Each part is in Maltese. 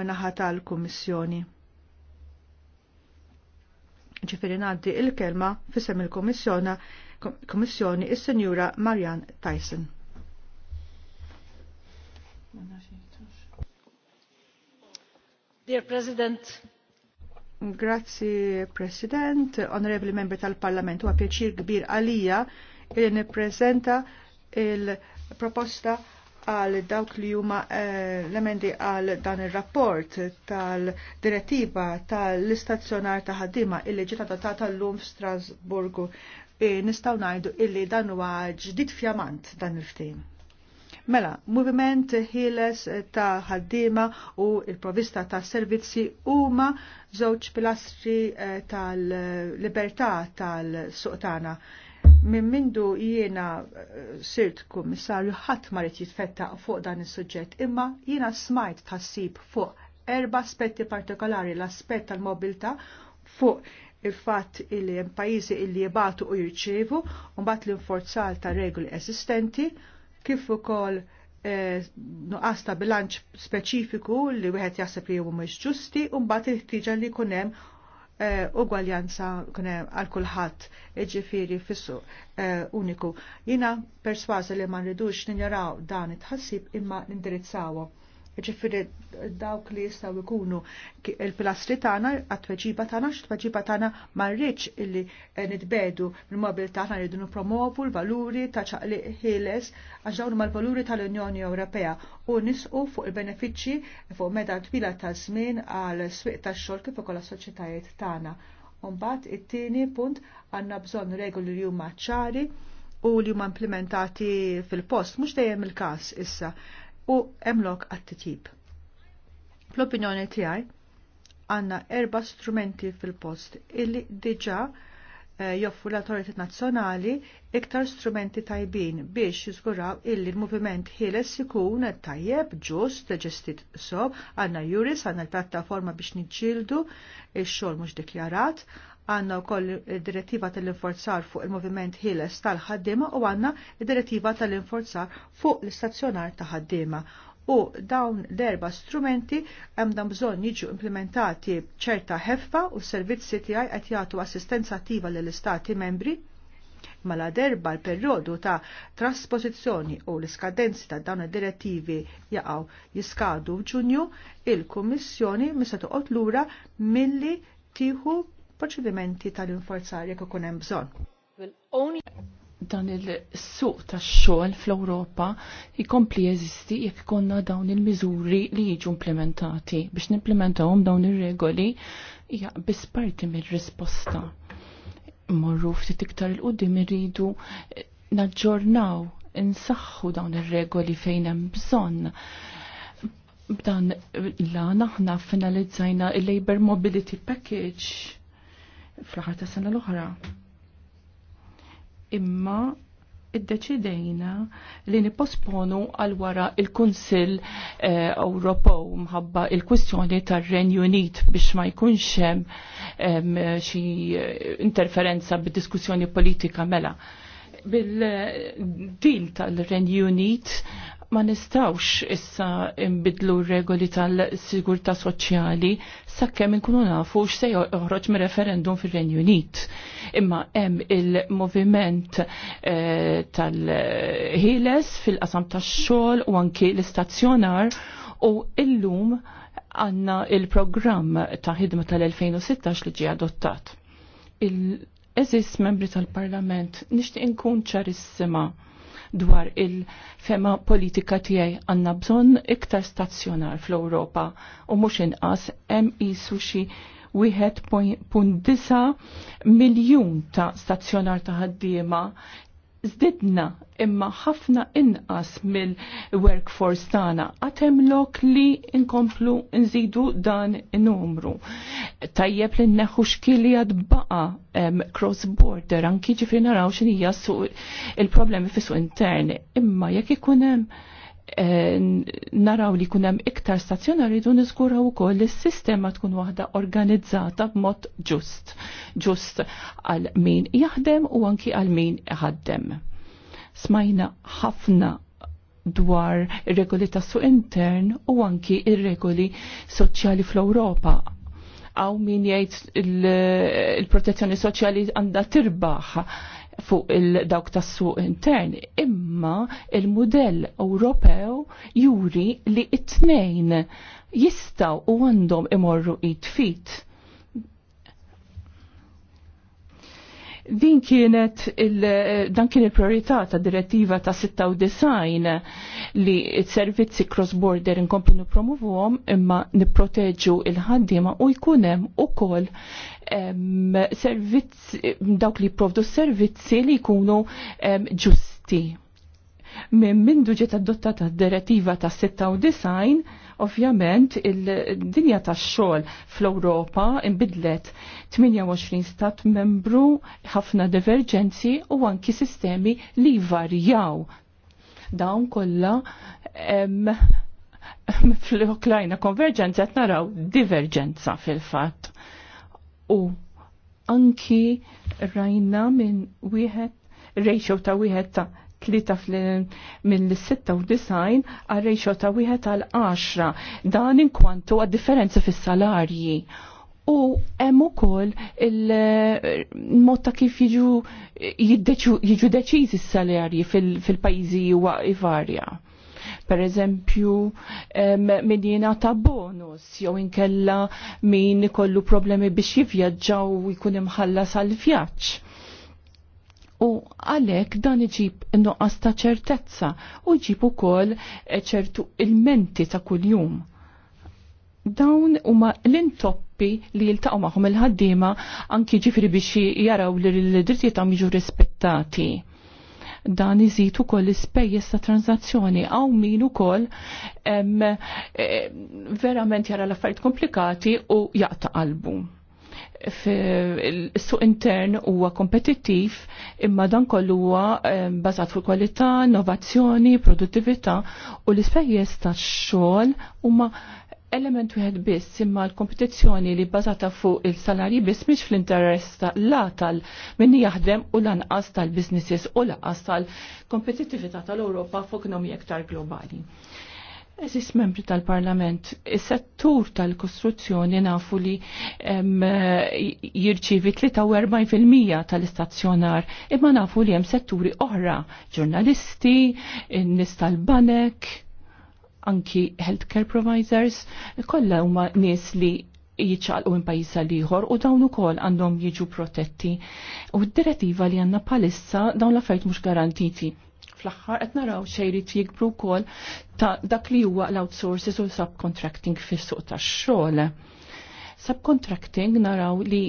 minnaħa tal kommissjoni Ġifiri naddi il-kelma fisem il-Kummissjona Kummissjoni is-Sinjura Marian Tyson. Dear President, Grazzi President, onorevoli membri tal-Parlament, għapieċir pjaċir kbir għalija li nippreżenta il-proposta il proposta għal dawk li huma eh, l-emendi għal dan ir-rapport tal-direttiva tal-istazzjonar ta' ħaddiema illi ġiet adottata llum f'Strasburgu. E, Nistgħu ngħidu illi dan huwa ġdid fjamant dan il-ftim. Mela, moviment ħiles ta' ħaddiema u il-provista ta' servizzi huma żewġ pilastri eh, tal-libertà tal-suqtana. tal libertà tal suqtana Minn mindu jiena eh, sirt kummissarju ħadd ma rid jitfettaq fuq dan is-suġġett, imma jiena smajt tassib fuq erba' aspetti partikolari l-aspett tal-mobilità fuq il-fatt illi hemm pajjiżi illi jibatu u jirċievu u mbagħad l-inforzal ta' regoli eżistenti kif ukoll eh, nuqqas ta' bilanċ speċifiku li wieħed jaħseb li huma mhux ġusti u mbagħad il-ħtieġa li jkun hemm Eh, ugwaljanza għal kulħadd ġifiri fissu eh, uniku. Jina perswasa li ma nridux ninjaraw dan it-ħassib imma nindirizzawhom ġifiri dawk li jistaw ikunu il-pilastri tagħna għat-tweġiba tagħna x-tweġiba tana marriċ illi eh, nitbedu il mobil tagħna rridu nippromovu l-valuri ta' ċaqliq ħiles għaxdawnu ma' mal-valuri tal-Unjoni Ewropea u nisqu fuq il-benefiċċji fuq meda twila ta' żmien għal swiq tax-xogħol kif ukoll għas-soċjetajiet tagħna. Umbat it-tieni punt għandna bżonn regoli li huma ċari u li huma implementati fil-post, mhux dejjem il-każ issa u emlok għat-titjib. Fl-opinjoni tiegħi għandna erba strumenti fil-post illi diġà eh, joffu l-autoritet nazzjonali iktar strumenti tajbin biex jizguraw illi l movement ħieles ikun tajjeb, ġust, ġestit sob, għanna juris, għanna l-plattaforma biex nġildu, il-xol mux dikjarat, għanna u koll direttiva tal-inforzar fuq il-moviment ħiles tal-ħaddima u għanna direttiva tal-inforzar fuq l-istazzjonar ta' ħaddima. U dawn derba strumenti strumenti għamdan bżon jiġu implementati ċerta heffa u s-servizzi tijaj għet jgħatu assistenza attiva l-istati membri mala derba l-periodu ta' trasposizjoni u l-iskadenzi ta' dawn id-direttivi jaqaw jiskadu f'Ġunju, il-Kummissjoni misa toqgħod lura milli tieħu proċedimenti tal-inforzar jekk ikun hemm bżonn. Dan il-suq tax-xogħol fl-Ewropa jkompli jeżisti jekk konna dawn il-miżuri li jiġu implementati biex nimplementawhom dawn ir-regoli hija biss parti mir-risposta. Morru ftit iktar il-qudiem irridu eh, naġġornaw insaħħu dawn ir-regoli fejn hemm bżonn. B'dan la naħna finalizzajna il-Labor Mobility Package fl-aħħar ta' sena l-oħra. Imma iddeċidejna li nipposponu għal wara il-Kunsill eh, Ewropew mħabba il-kwistjoni tar-Renju Unit biex ma jkunx hemm xi eh, interferenza bid-diskussjoni politika mela bil-dil eh, tal-Renju Unit ma nistawx issa imbidlu regoli tal-sigurta soċjali sakkemm inkunu nafu x'se joħroġ mir referendum fir-Renju Unit. Imma hemm il-moviment eh, tal-ħiles fil-qasam tax-xogħol u anki l-istazzjonar u illum għanna il-programm ta' ħidma tal-2016 li ġie adottat. Il-eżis membri tal-Parlament nixtieq inkun ċarissima dwar il-fema politika tiegħi għandna bżonn iktar stazzjonar fl-Ewropa u mhux inqas hemm isu xi 1.9 miljun ta' stazzjonar ta' ħaddiema zdidna imma ħafna inqas mill-workforce tagħna għatem lok li inkomplu nżidu dan numru. Tajjeb li neħu xkili għad baqa cross-border anki ġifri naraw xinija il-problemi fis intern imma jekk ikun hemm Eh, naraw li kunem iktar stazzjonari dun niskuraw u koll li s-sistema tkun wahda organizzata b'mod ġust. Ġust għal min jaħdem u anki għal min jaħdem. Smajna ħafna dwar regoli ta' su intern u anki ir-regoli soċjali fl-Ewropa għaw min jgħid il-protezzjoni soċjali għandha tirbaħ fuq il-dawk tas-suq intern, imma il-modell Ewropew juri li it-tnejn jistaw u għandhom imorru it-fit Din kienet il, dan kien il-priorità ta' direttiva ta' 96 li servizzi cross-border inkomplu nipromuvuhom imma nipproteġu il-ħaddiema u jkunem ukoll servizzi dawk li provdu servizzi li jkunu ġusti. Minn mindu ġiet adottata d-direttiva ta' 96 Ovvjament, il-dinja tax-xogħol fl-Ewropa imbidlet 28 stat membru, ħafna divergenzi u anki sistemi li varjaw. Dawn kollha fl-oklajna konverġenza qed naraw divergenza fil-fatt. U anki rajna minn wieħed ratio ta' wieħed ta' tlita mill-96 għal ratio ta' wieħed għal 10 dan inkwantu għad differenza fis-salarji. U hemm ukoll il-mod ta' kif jiġu jiġu deċiżi s-salarji fil-pajjiżi varja per eżempju min jiena ta' bonus, jew inkella min kollu problemi biex jivjaġġaw jkun imħallas għal vjaġġ u għalek dan iġib nuqqas ta' ċertezza u jġib ukoll eh, ċertu ilmenti ta' kuljum. Dawn huma l-intoppi li jiltaqgħu magħhom il-ħaddiema anki ġifri biex jaraw li l-drittijiet tagħhom jiġu rispettati. Dan iżid ukoll l-ispejjeż ta' tranzazzjoni għaw min ukoll eh, verament jara l-affarijiet komplikati u jaqta' qalbu il-suq intern huwa kompetittiv imma dan kollu huwa bażat fuq kwalità, innovazzjoni, produttività u l-ispejjeż tax-xogħol huma element wieħed biss imma l-kompetizzjoni li bbażata fuq il-salarji biss mhix fl-interess ta' la tal min jaħdem u lanqas tal-businesses u lanqas tal-kompetittività tal-Ewropa fuq ekonomija iktar globali. Eżis membri tal-Parlament, is-settur tal-kostruzzjoni nafu li jirċivi 43% tal-istazzjonar, imma nafu li hemm setturi oħra, ġurnalisti, nis tal-banek, anki healthcare providers, kollha huma nies li jiċċaqlqu minn pajjiż għal ieħor u dawn ukoll għandhom jiġu protetti. U d-direttiva li għandna palissa dawn l-affarijiet mhux garantiti fl-aħħar qed naraw xejrid jikbru wkoll ta' dak li huwa l-outsources u subcontracting fis-suq tax-xogħol. Subcontracting naraw li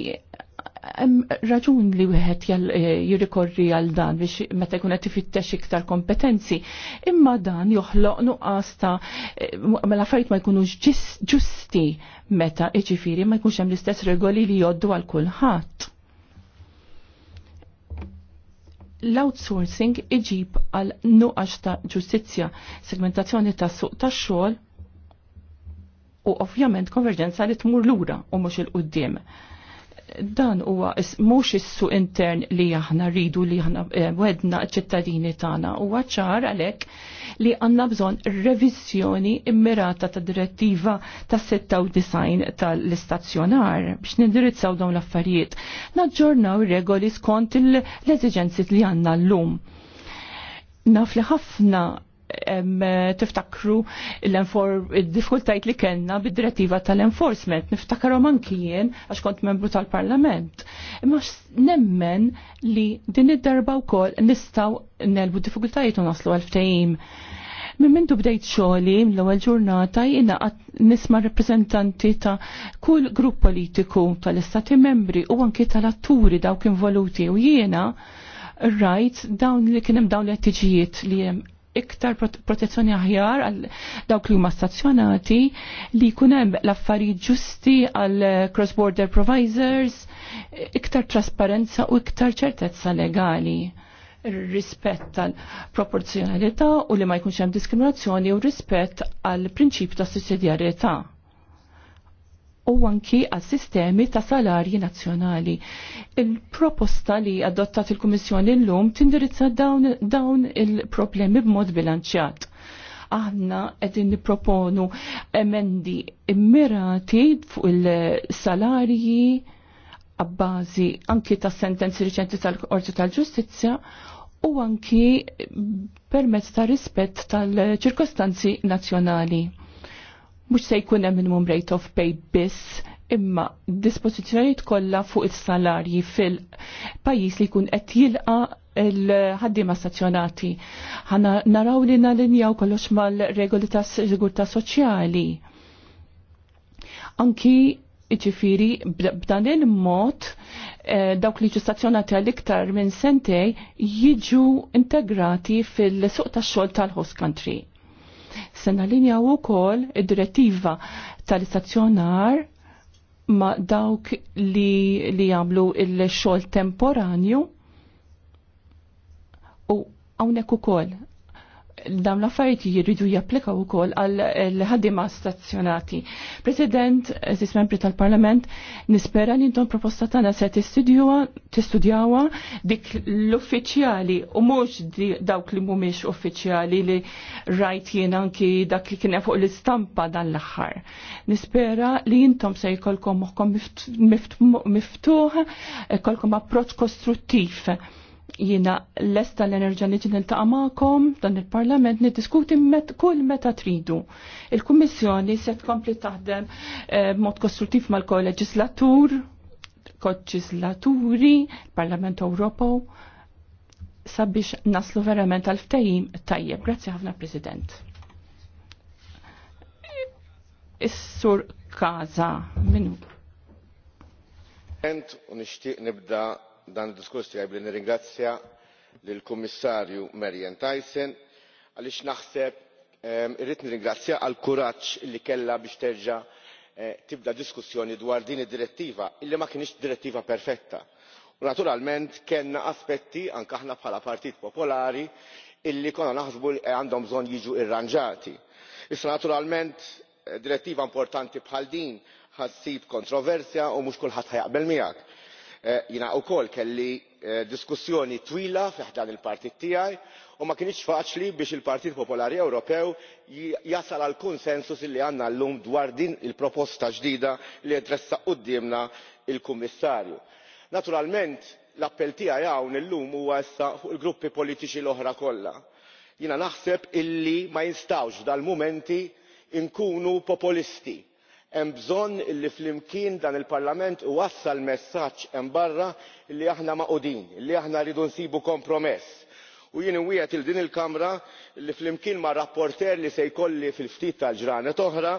hemm raġun li wieħed eh, jirrikorri għal dan biex meta jkun qed ifittex iktar kompetenzi, imma dan joħloq nuqqas ta' eh, mela fajt ma jkunux ġusti meta iġifieri ma jkunx hemm l-istess regoli li jgħoddu għal kulħadd. l-outsourcing iġib għal nuqax ta' ġustizzja, segmentazzjoni ta' suq ta' xogħol u ovvjament konverġenza li tmur lura u mhux il-qudiem dan huwa mhux is-suq intern li aħna rridu li aħna eh, wedna ċittadini tagħna huwa ċar għalhekk li għandna bżonn reviżjoni immirata ta' direttiva ta' 96 tal-istazzjonar biex nindirizzaw dawn l-affarijiet. Naġġornaw regoli skont l-eżiġenzi li għandna llum. Naf li ħafna tiftakru il-difkultajt li kellna bid-direttiva tal-enforcement, niftakarhom anki jien għax kont membru tal-Parlament. Imma nemmen li din id-darba wkoll nistgħu nelbu diffikultajiet u naslu għal ftehim. Minn mintu bdejt xoħli l-ewwel ġurnata jiena qatt nisma' rappreżentanti ta' kull grupp politiku tal-istati membri u anki tal-atturi dawk involuti u jiena rajt dawn li kienem dawn l ettiġijiet li jem iktar protezzjoni aħjar għal dawk li huma stazzjonati li jkun hemm l-affarijiet ġusti għal cross border provisors, iktar trasparenza u iktar ċertezza legali rispett tal proporzjonalità u li ma jkunx hemm diskriminazzjoni u rispett għal prinċipju ta' sussidjarjetà u anki għas sistemi ta' salarji nazzjonali. Il-proposta li adottat il-Kummissjoni l-lum tindirizza dawn, dawn il-problemi b'mod bilanċjat. Aħna qegħdin nipproponu emendi immirati fuq il-salarji għabbażi anki ta' sentenzi riċenti tal-Qorti tal-Ġustizzja u anki permezz ta' rispett tal-ċirkostanzi nazzjonali mux se jkun hemm minimum rate of pay biss imma dispożizzjonijiet kollha fuq is-salarji fil-pajjiż li jkun qed jilqa l-ħaddiema stazzjonati. Ħana naraw li nalinjaw kollox mal-regoli ta' sigurtà soċjali. Anki ġifiri b'dan il-mod eh, dawk li ġustazzjonati għal-iktar minn sentej jiġu integrati fil-suq tax-xogħol tal-host country Sena linja u kol id-direttiva tal-istazzjonar ma dawk li, li jamlu il-xol temporanju u għawnek u kol dam l-affarijiet jirridu u kol għal l-ħadima stazzjonati. President, eżis membri tal-Parlament, nispera li intom proposta tagħna se tistudjawha dik l-uffiċjali u mhux dawk li mhumiex uffiċjali li rajt jien anki dak li kien fuq l-istampa dan l-aħħar. Nispera li intom se jkollkom moħħkom miftuħ, kolkom approċċ kostruttiv Jina l-esta l-enerġa li ġin il dan il-parlament nid-diskuti met kull meta tridu. Il-Kummissjoni se tkompli taħdem eh, mod kostruttiv mal-koleġislatur, koġislaturi, Parlament Ewropew, sabiex naslu verament għal ftehim tajjeb. Grazzi ħafna President. Is-sur Kaza minu. U nixtieq nibda dan id-diskurs tiegħi billi nirringrazzja lill kummissarju marian thyssen għaliex naħseb ehm, irrid nirringrazzja għal kuraġġ li kellha biex terġa' eh, tibda diskussjoni dwar din id-direttiva illi ma kinitx direttiva perfetta. U naturalment kellna aspetti anke aħna bħala Partit Popolari illi konna naħsbu li għandhom bżonn jiġu irranġati. Issa naturalment eh, direttiva importanti bħal din ħassib kontroversja u mhux kulħadd ħajaqbel miegħek. Eh, jiena wkoll kelli eh, diskussjoni twila fi dan il-partit tiegħi u ma kinitx faċli biex il-partit popolari ewropew jasal għal konsensus li għandna llum dwar din il proposta ġdida li qed tressaq qudiemna il kummissarju. naturalment l-appell tiegħi hawn illum huwa issa fuq il-gruppi politiċi l-oħra kollha. jiena naħseb illi ma jinstgħux f'dal mumenti nkunu populisti hemm bżonn li flimkien dan il-parlament iwassal messaġġ hemm barra li aħna maqudin li aħna rridu nsibu kompromess u jien inwieħed lil din il kamra li flimkien mar-rapporteur li se jkolli fil ftit tal ġranet oħra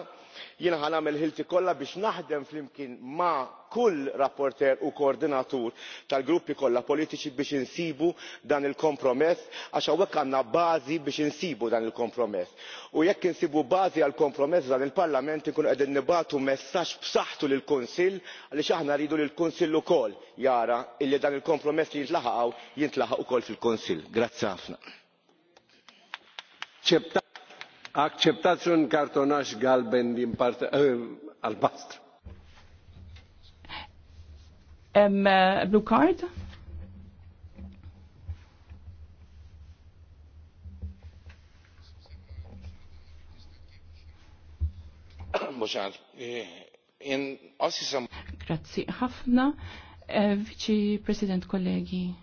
jiena ħa nagħmel ħilti kollha biex naħdem flimkien ma' kull rapporter u koordinatur tal-gruppi kollha politiċi biex insibu dan il-kompromess għax hawnhekk għandna bażi biex insibu dan il-kompromess. U jekk insibu bażi għal kompromess dan il-Parlament ikunu qegħdin nibatu messaġġ b'saħħtu lill-Kunsill għaliex aħna rridu li kunsill ukoll jara illi dan il-kompromess li jintlaħaq jintlaħaq ukoll fil-Kunsill. Grazzi ħafna. Akċeptați n-kartonax galben din parte uh, eh, albastră. Um, uh, eh, blue card? Bocsánat, én eh, azt hiszem... Grazie, Hafna. Vici President kollegi,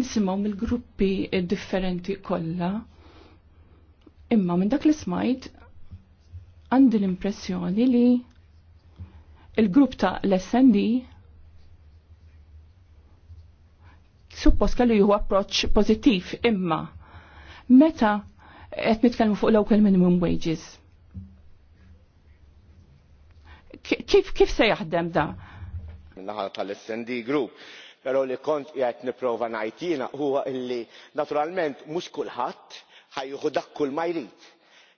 nisimaw mill-gruppi differenti kollha. Imma minn dak li smajt għandi l-impressjoni li il-grupp ta' l-SND suppost kellu juhu approċ pozittiv imma meta qed nitkellmu fuq l-ewwel minimum wages. Kif kif se jaħdem da? Naħa tal-SND Group però li kont qed nipprova ngħid jiena huwa illi naturalment mhux kulħadd ħajjieħu dak kull ma jrid.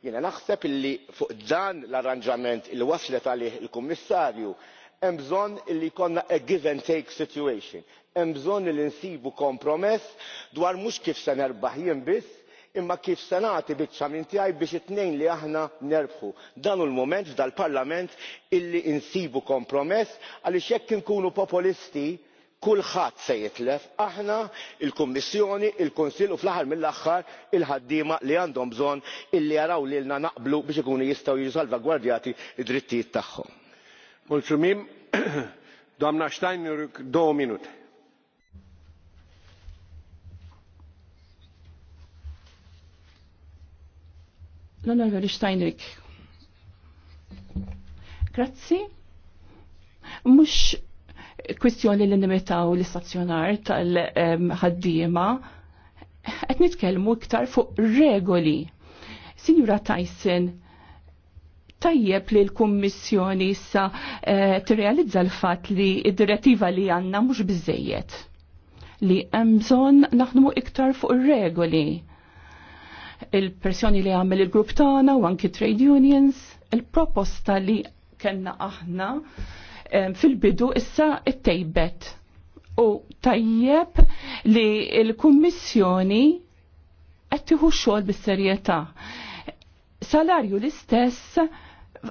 Jiena naħseb illi fuq dan l-arranġament li waslet għalih il-Kummissarju hemm bżonn illi jkollna a give and take situation. Hemm bżonn li nsibu kompromess dwar mhux kif se nerbaħ jien biss imma kif se nagħti biċċa minn tiegħi biex it-tnejn li aħna nerbħu. Dan u l-mument f'dal-Parlament illi insibu kompromess għaliex jekk inkunu populisti kulħadd se jitlef aħna il kummissjoni il kunsill u fl aħħar mill aħħar il ħaddiema li għandhom bżonn illi jaraw lilna naqblu biex ikunu jistgħu jiġu salvagwardjati id drittijiet tagħhom. l-Onorevoli Grazzi. Mux kwistjoni li nimitaw l-istazzjonar tal-ħaddiema, qed nitkellmu iktar fuq regoli. Sinjura Tyson, tajjeb li l-Kummissjoni issa eh, tirrealizza l-fatt li id-direttiva li għandna mhux bizzejiet li hemm bżonn naħdmu iktar fuq ir-regoli. il persjoni li għamel il-grupp tagħna u anki trade unions, il-proposta li kellna aħna fil-bidu issa it-tejbet. U tajjeb li l-Kummissjoni qed tieħu xogħol bis-serjetà. Salarju l-istess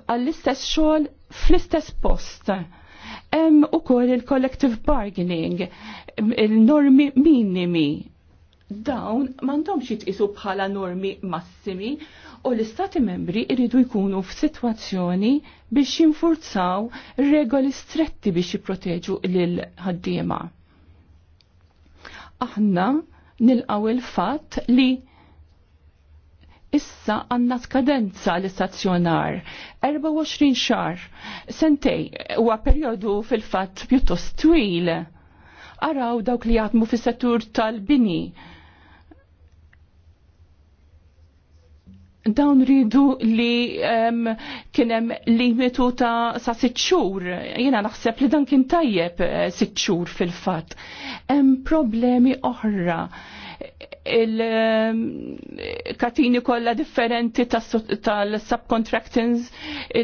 għall-istess xogħol fl-istess post. Hemm ukoll il-collective bargaining, il-normi minimi dawn m'għandhomx jitqisu bħala normi massimi u l-istati membri iridu jkunu f'sitwazzjoni biex jinfurzaw regoli stretti biex jipproteġu l-ħaddiema. Aħna nilqaw il-fatt li issa għanna skadenza l-istazzjonar 24 xar sentej huwa perjodu fil-fatt pjuttost twil. Araw dawk li jatmu fis-settur tal-bini dawn ridu li um, kienem limitu ta' sa' sitxur. Jena naħseb li dan kien tajjeb eh, sitxur fil-fat. Hemm problemi oħra il-katini kolla differenti tal-subcontractings, eh,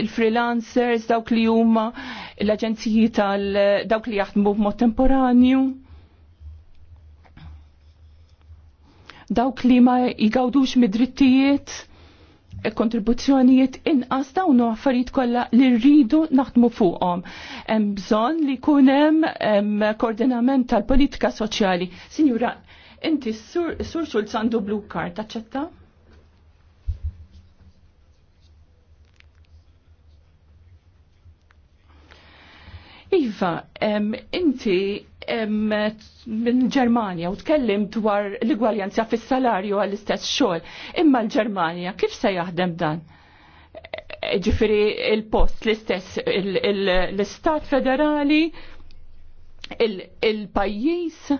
il-freelancers, dawk li huma l-aġenziji tal-dawk li jaħdmu b'mod temporanju dawk li ma jgawdux mid-drittijiet, kontribuzzjonijiet inqas dawn affarijiet kollha li rridu naħdmu fuqhom. Hemm bżonn li jkun hemm koordinament tal-politika soċjali. Sinjura, inti sur sur għandu blue card, taċċetta? Iva, inti minn Ġermanja u tkellim dwar l-igwaljanza fis-salarju għall-istess xogħol. Imma l-Ġermanja kif se jaħdem dan? E, ġifiri il-post l-istess l-Istat federali, il-pajjiż,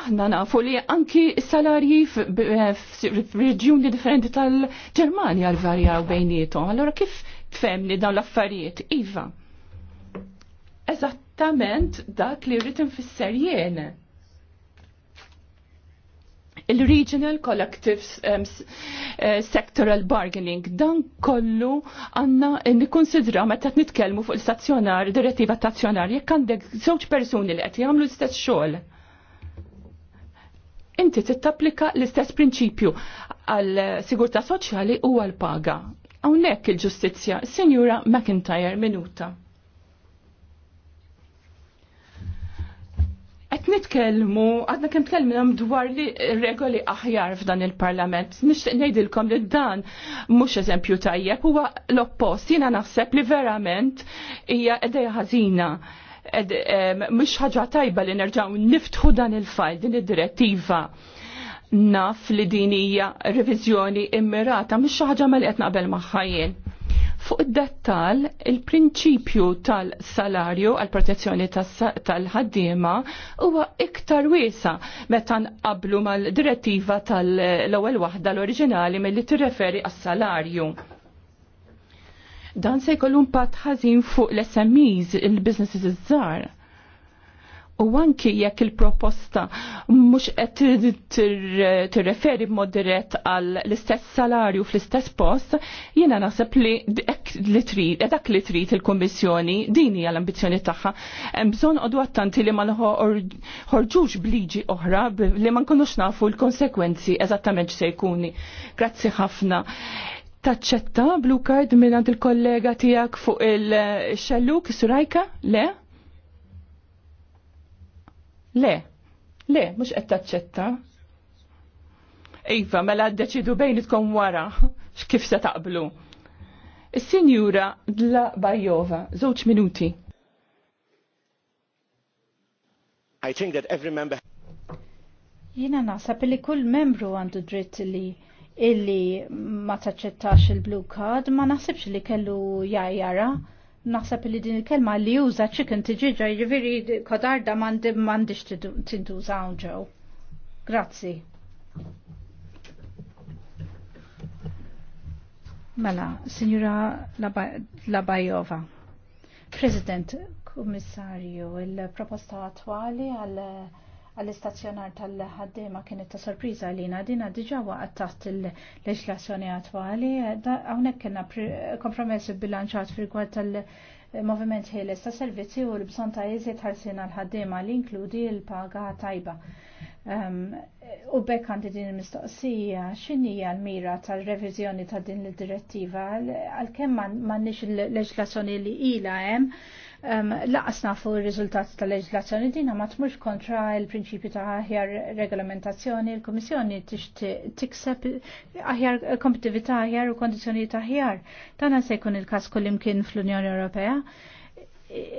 aħna nafu li anki salarji f'reġjuni differenti tal-Ġermanja l-varjaw bejnietom. Allora kif tfemni dawn l-affarijiet? Iva. Eżatt eżattament dak li rritin infisser jien. Il-Regional Collective um, uh, Sectoral Bargaining dan kollu għanna nikkonsidra meta qed nitkellmu fuq il-stazzjonar, direttiva stazzjonar, jekk għandek żewġ persuni li qed jagħmlu l-istess xogħol. Inti tittapplika l-istess prinċipju għal sigurtà soċjali u għal paga. Hawnhekk il-ġustizzja, Sinjura McIntyre minuta. nitkellmu, għadna kemm tkellmna dwar li regoli aħjar f'dan il-Parlament. Nixtieq ngħidilkom li dan mhux eżempju tajjeb huwa l-oppost. Jiena naħseb li verament hija idea ħażina mhux ħaġa tajba li nerġgħu niftħu dan il-fajl din id-direttiva naf li din hija reviżjoni immirata mhux xi ħaġa etna li qed naqbel magħha jien Fuq id-dettal, il-prinċipju tal-salarju għal protezzjoni tal-ħaddiema huwa iktar wiesa meta nqablu mal-direttiva tal-ewwel waħda l-oriġinali milli tirreferi għas-salarju. Dan se jkollu impatt ħażin fuq l-SMEs, il-businesses iż-żgħar U anki jekk il-proposta mhux qed tirreferi b'mod dirett għal l-istess salarju fl-istess post, jiena naħseb li li trid, dak li trid il-Kummissjoni din hija l-ambizzjoni tagħha. Hemm bżonn qogħdu li ma ħorġux bliġi oħra li ma nkunux nafu l-konsekwenzi eżattament se jkuni. Grazzi ħafna taċċetta blue card minn il-kollega tijak fuq il-xelluk, surajka? Le? Le, le, mux qed taċċetta. Iva, mela d-deċidu bejn tkun wara, x'kif se taqblu. Is-Sinjura Dla Bajova, żewġ minuti. I think that every member Jina nasab li kull membru għandu dritt li illi ma taċċettax il-blue card ma naħsibx li kellu jajjara naħseb li din il-kelma li juża chicken tiġiġa jiġifieri kodarda m'għandi m'għandix tintuża hawn ġew. Grazzi. Mela, Signora Labajova, President, Kummissarju, il-proposta attwali għal għall-istazzjonar tal-ħaddima kienet ta' sorpriza għalina dina diġa waqgħet taħt il-leġlazzjoni attwali hawnhekk kienna kompromess bilanċat fil-gwad tal-moviment ħieles ta' servizzi u l-bżonn ta' iżjed ħarsien għall-ħaddiema li inkludi l-paga tajba. Ehm, u bekk għandi din il-mistoqsija, x'inhija l-mira tal-reviżjoni ta' din l direttiva għalkemm m'għandniex il-leġlazzjoni li ilha hemm um, laqas nafu r-riżultat tal-leġislazzjoni dina ma tmurx kontra il-prinċipju ta' aħjar regolamentazzjoni, il-Komissjoni tikseb aħjar kompetitività aħjar u kondizjoni ta' aħjar. Tana se jkun il-kas kullimkien fl-Unjoni Ewropea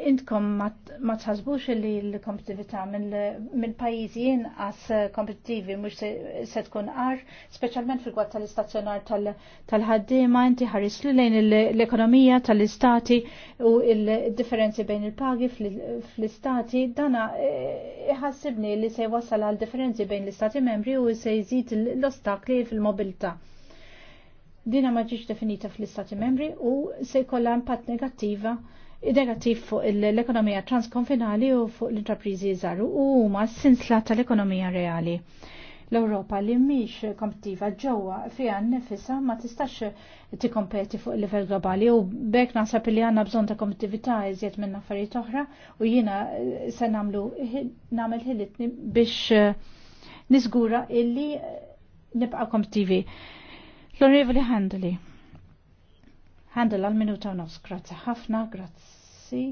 intkom ma tħasbux li l-kompetitività minn pajjiżi inqas kompetitivi mhux se tkun qar, speċjalment fil-gwatt tal-istazzjonar tal-ħaddiema inti ħaris li lejn l-ekonomija tal-istati u l-differenzi bejn il-pagi fl-istati dana eh, iħassibni li se wasal għal differenzi bejn l-istati membri u se jżid l-ostakli fil-mobilità dina ma definita fl-istati membri u se jkollha impatt negattiva negattiv fuq l-ekonomija transkonfinali u fuq l-intrapriżi żaru u huma sinsla tal-ekonomija reali. L-Ewropa li mhix kompetitiva ġewwa fiha nnifisha ma tistax tikkompeti fuq il-livell globali u bekk nasab li għandna bżonn ta' kompetittività iżjed minn affarijiet oħra u jiena se nagħmlu nagħmel ħilitni biex eh, niżgura illi nibqa' kompetittivi. L-Onorevoli Handli. Handel għal minuta u nofs, grazzi ħafna, grazzi.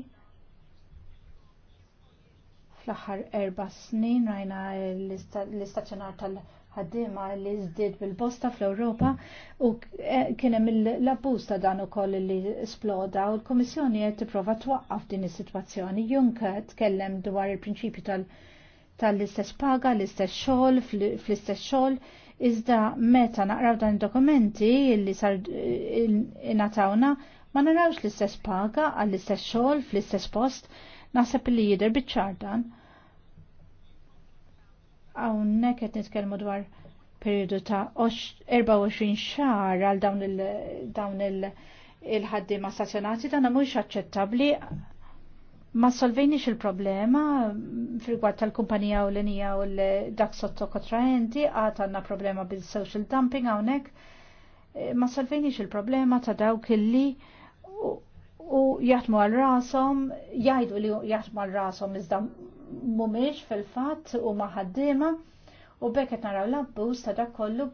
Fl-aħħar erba snin rajna l-istazzjonar tal-ħaddima li żdied bil-bosta fl-Ewropa u e, kien hemm l-abbuż ta' dan ukoll li sploda u l-Kummissjoni qed tipprova twaqqaf din is-sitwazzjoni. Juncker tkellem dwar il-prinċipju tal- tal-istess paga, l-istess xogħol, fl-istess xogħol, iżda meta naqraw dan dokumenti li sar inatawna ma narawx l-istess paga għall-istess xogħol fl-istess post, naħseb li jidher biċ-ċar dan. Hawnhekk qed nitkellmu dwar periodu ta' 24 xar għal dawn il-ħaddiema stazzjonati dan mhux aċċettabbli ma solvejniex il-problema mm, fil gwart tal-kumpanija u l-inija u l-dak sotto kontraenti, għat għanna problema bil-social dumping għawnek, eh, ma solvejnix il-problema ta' dawk illi u, u jatmu għal-rasom, jajdu li jatmu għal-rasom iżda mumiex fil-fat u maħaddima u bekket naraw l-abbus ta' dak kollu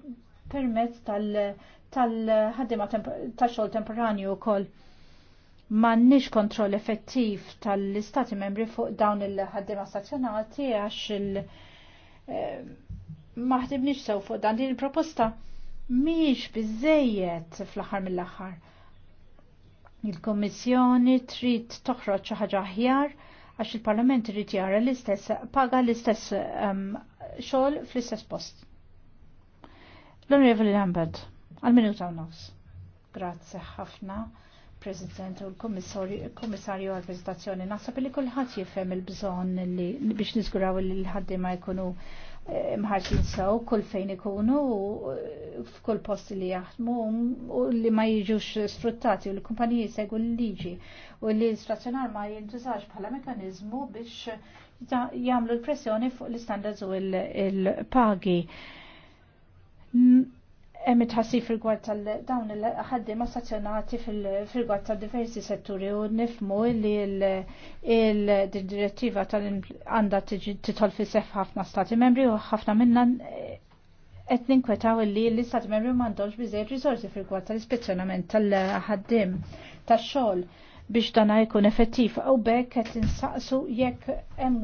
permezz tal-ħaddima tal-xol temporanju u koll mannix kontroll effettiv tal-istati membri fuq dawn il-ħaddima stazzjonati għax il- eh, maħdibniex sew fuq dan din il-proposta miex bizzejiet fl-axar mill-axar. il komissjoni trid toħroġ xi ħaġa aħjar għax il-Parlament irid jara l-istess paga l-istess ehm, xogħol fl-istess post. L-Onorevoli Lambert, għal-minuta u nofs. Grazzi ħafna. President u l kommissarju għal-Prezentazzjoni. Nasab li kullħat jifhem il-bżon li biex nizguraw li l-ħaddima jkunu eh, mħarsin sew kull fejn ikunu f'kull post li jaħdmu u li ma jiġux sfruttati u l-kumpaniji segwu l-liġi u li l-istrazzjonar ma jintużax bħala mekanizmu biex jagħmlu l-pressjoni fuq l-istandards u l-pagi Hemm fil rigward tal-dawn il ma stazzjonati fil-rigward tal diversi setturi u nifmu li l-direttiva tal-għandha titol fi sef ħafna stati membri u ħafna minna eh, qed ninkwetaw li l-istati membri m'għandhomx biżejjed risorsi fil-rigward tal-ispezzjonament tal ħaddim tax-xogħol biex dana jkun effettiv u bekk qed insaqsu jekk hemm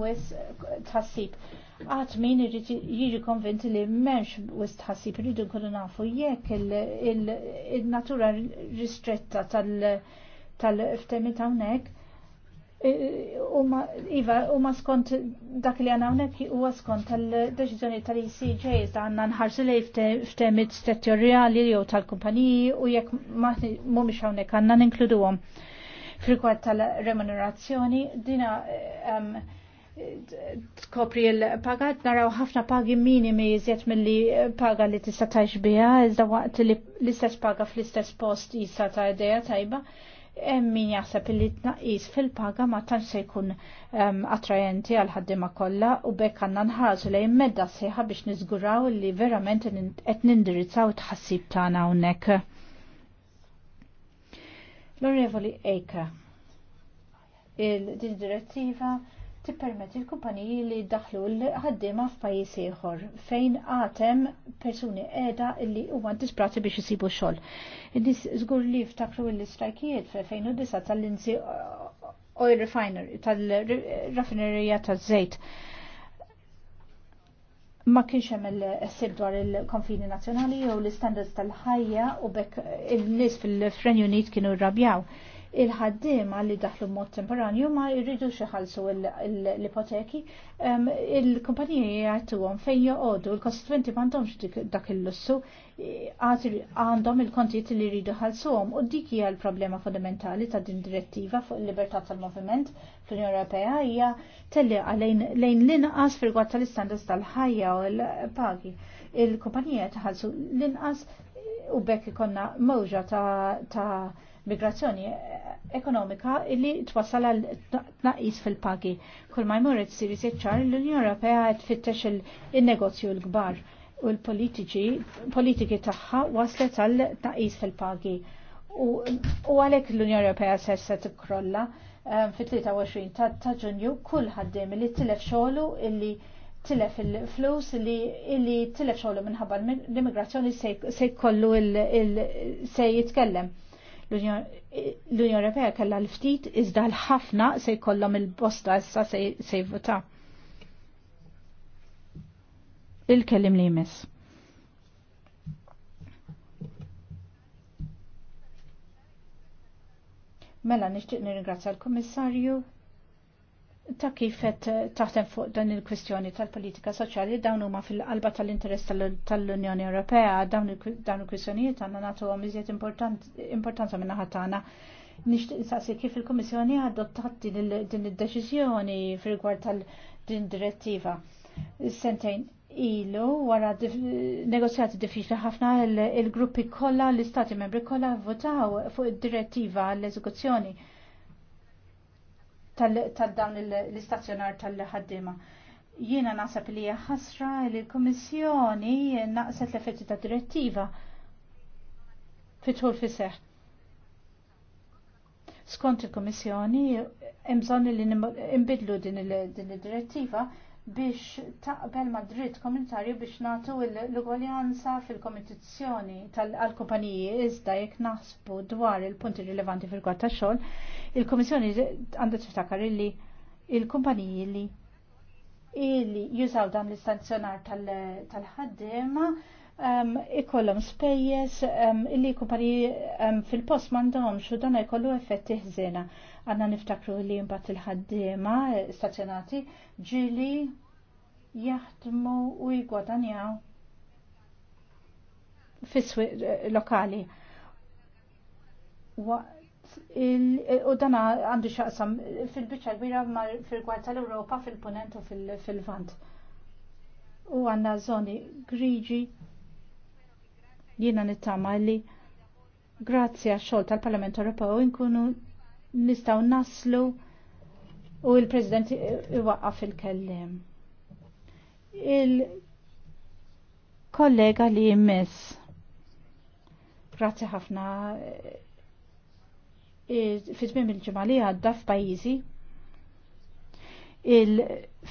tħassib għat min jiri konvinti li menx wist ħassib rridu nkunu nafu jekk il-natura ristretta tal-ftemi ta' unek e, e, Iva, skont dak li għana unek, u skont tal-deċizjoni tal-ECJ, għanna nħarsu li ftemit settoriali jew tal-kumpaniji u jekk mumiex għonek għanna ninkludu għom. Frikwat tal-remunerazzjoni, dina tkopri l-pagat naraw ħafna pagi minimi jizjet mill-li paga li tista' tajx biha, iżda waqt li l-istess paga fl-istess post jista' ta' ideja tajba. min jaħseb li tnaqqis fil-paga ma tantx se jkun ehm, attrajenti għal ħaddima kollha u bekk għandna nħarsu lejn medda sieħa biex niżguraw li verament qed nindirizzaw tħassib tagħna hawnhekk. L-Onorevoli Eka, il-direttiva tippermetti l-kumpaniji li daħlu l-ħaddima f'pajjiż ieħor fejn għatem persuni qiegħda li huma disprati biex isibu xogħol. Nis żgur li ftakru l-istrajkijiet fl-2009 tal-Lindsay Oil Refiner tal-raffinerija taż-żejt. Ma kienx hemm il ħsieb dwar il-konfini nazzjonali jew l-istandards tal-ħajja u bekk il-nies fil-Fren Unit kienu rrabjaw il-ħaddiema li daħlu mod temporanju ma jridu xeħalsu l-ipoteki, il-kumpaniji jgħatuhom fejn joqogħdu, il-kostituenti m'għandhomx dak il-lussu, għandhom il-kontijiet li jridu ħalsuhom u dik hija l-problema fundamentali ta' din direttiva fuq il-libertà tal-moviment fl-Unjoni Ewropea hija telli lejn l-inqas fil tal-istandards tal-ħajja u l-pagi. Il-kumpanija tħallsu l-inqas u bekk ikonna mowġa ta' migrazzjoni eh, ekonomika illi twassal għal tnaqis fil-pagi. Kull ma jmur tsir ċar l-Unjoni Ewropea qed fittex il-negozju l-kbar u l-politiċi politiki tagħha waslet għal tnaqis fil-pagi. U għalhekk l-Unjoni Ewropea se tikkrolla eh, fit-23 ta' Ġunju kull ħaddiem li tilef xogħlu illi tilef il-flus li illi tilef xogħlu minħabba l-immigrazzjoni se jkollu se jitkellem. L-Unjoni Europea kellha l-ftit iżda l-ħafna se jkollhom il-bosta issa se jivvuta. Il-kellim li jmiss. Mela nixtieq nirringrazzja l-Kummissarju ta' kif qed eh, taħdem fuq dan il-kwistjoni tal-politika soċjali dawn huma fil-qalba tal-interess tal-Unjoni Ewropea dawn il-kwistjonijiet għandna nagħtuhom iżjed importanza minn naħa tagħna. Nixtieq insaqsi kif il-Kummissjoni adottat din id-deċiżjoni fil rigward tal-din direttiva. Sentejn ilu wara negozjati diffiċli ħafna il-gruppi kollha l-istati membri kollha votaw fuq id-direttiva l-eżekuzzjoni tal-dawn l-istazzjonar tal-ħaddima. Jiena nasab li ħasra li l-Komissjoni naqset l-effetti ta' direttiva fitħul fiseħ. Skont il-Komissjoni, imżon li imbidlu din il-direttiva biex taqbel ma' dritt komunitarju biex natu l ugoljanza fil-kompetizzjoni tal-kumpaniji iżda jekk naħsbu dwar il-punti rilevanti fil-kwad ta' xogħol, il-Kummissjoni għandha tiftakar illi il-kumpaniji li illi jużaw dan l-istanzjonar tal-ħaddima um, ikollhom spejjeż um, illi kumpaniji um, fil-post m'għandhomx u dan jkollu effetti ħżiena għanna niftakru li jimbat il-ħaddiema stazzjonati ġili jaħdmu u jgwadanjaw fiswi lokali. U dan għandu xaqsam fil-bicċa kbira fil gwajt tal-Europa, fil-Punent u fil-Vant. U għanna zoni grigi jiena nittama li grazzi għax xogħol tal-Parlament Ewropew inkunu nistaw naslu u il-President iwaqqaf il-kellim. Il-kollega li jimmis, Grazzi ħafna fit-tmim il-ġimgħa li għadda f'pajjiżi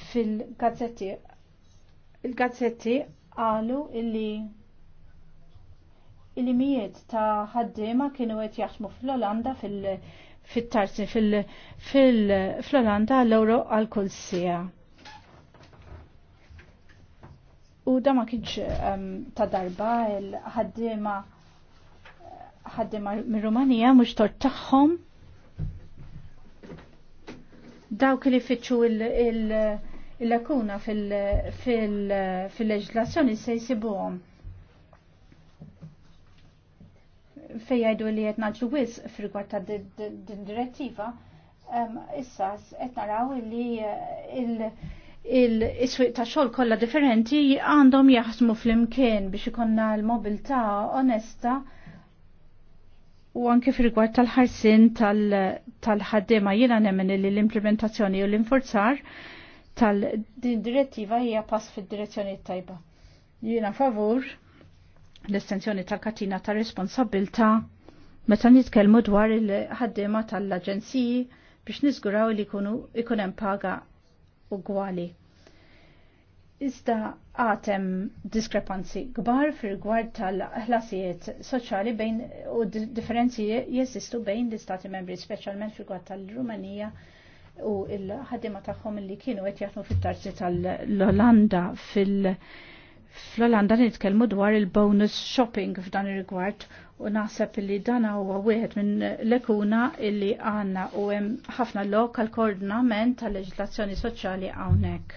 fil-gazzetti il-gazzetti għalu illi il limijiet ta' ħaddiema kienu qed jaħdmu fl-Olanda fil-, -fil fit-tarsi fil-Olanda l-euro għal kull sija. U da ma kienx ehm, ta' darba il-ħaddima ħaddima mir rumanija mhux tort tagħhom dawk li fitxu il-lakuna fil-leġlazzjoni se jsibuhom fej jgħidu li qed naġu wis frigward ta' din direttiva, issa qed naraw li eh, il-iswiq ta' xogħol kollha differenti għandhom jaħsmu fl-imkien biex ikonna l-mobilità onesta u anke fil tal-ħarsin tal-ħaddima jiena nemmen li l-implementazzjoni u l inforzar tal-direttiva hija pass fid-direzzjoni tajba. Jiena favur l-estensjoni tal-katina ta' responsabilta meta nitkellmu dwar il-ħaddiema tal-aġenziji biex niżguraw li jkunu ikun hemm paga ugwali. Iżda għatem diskrepanzi kbar fil gwar tal-ħlasijiet soċjali bejn u differenzi jeżistu bejn l-istati membri, speċjalment fil gwar tal-Rumanija u l ħaddiema tagħhom li kienu qed jaħdmu fit-tarzi tal-Olanda fil-, -Olanda, fil Fl-Olanda nitkellmu dwar il-bonus shopping f'dan ir-rigward u naħseb li dan huwa wieħed minn lekuna illi għandna u hemm ħafna lokal koordinament tal-leġislazzjoni soċjali hawnhekk.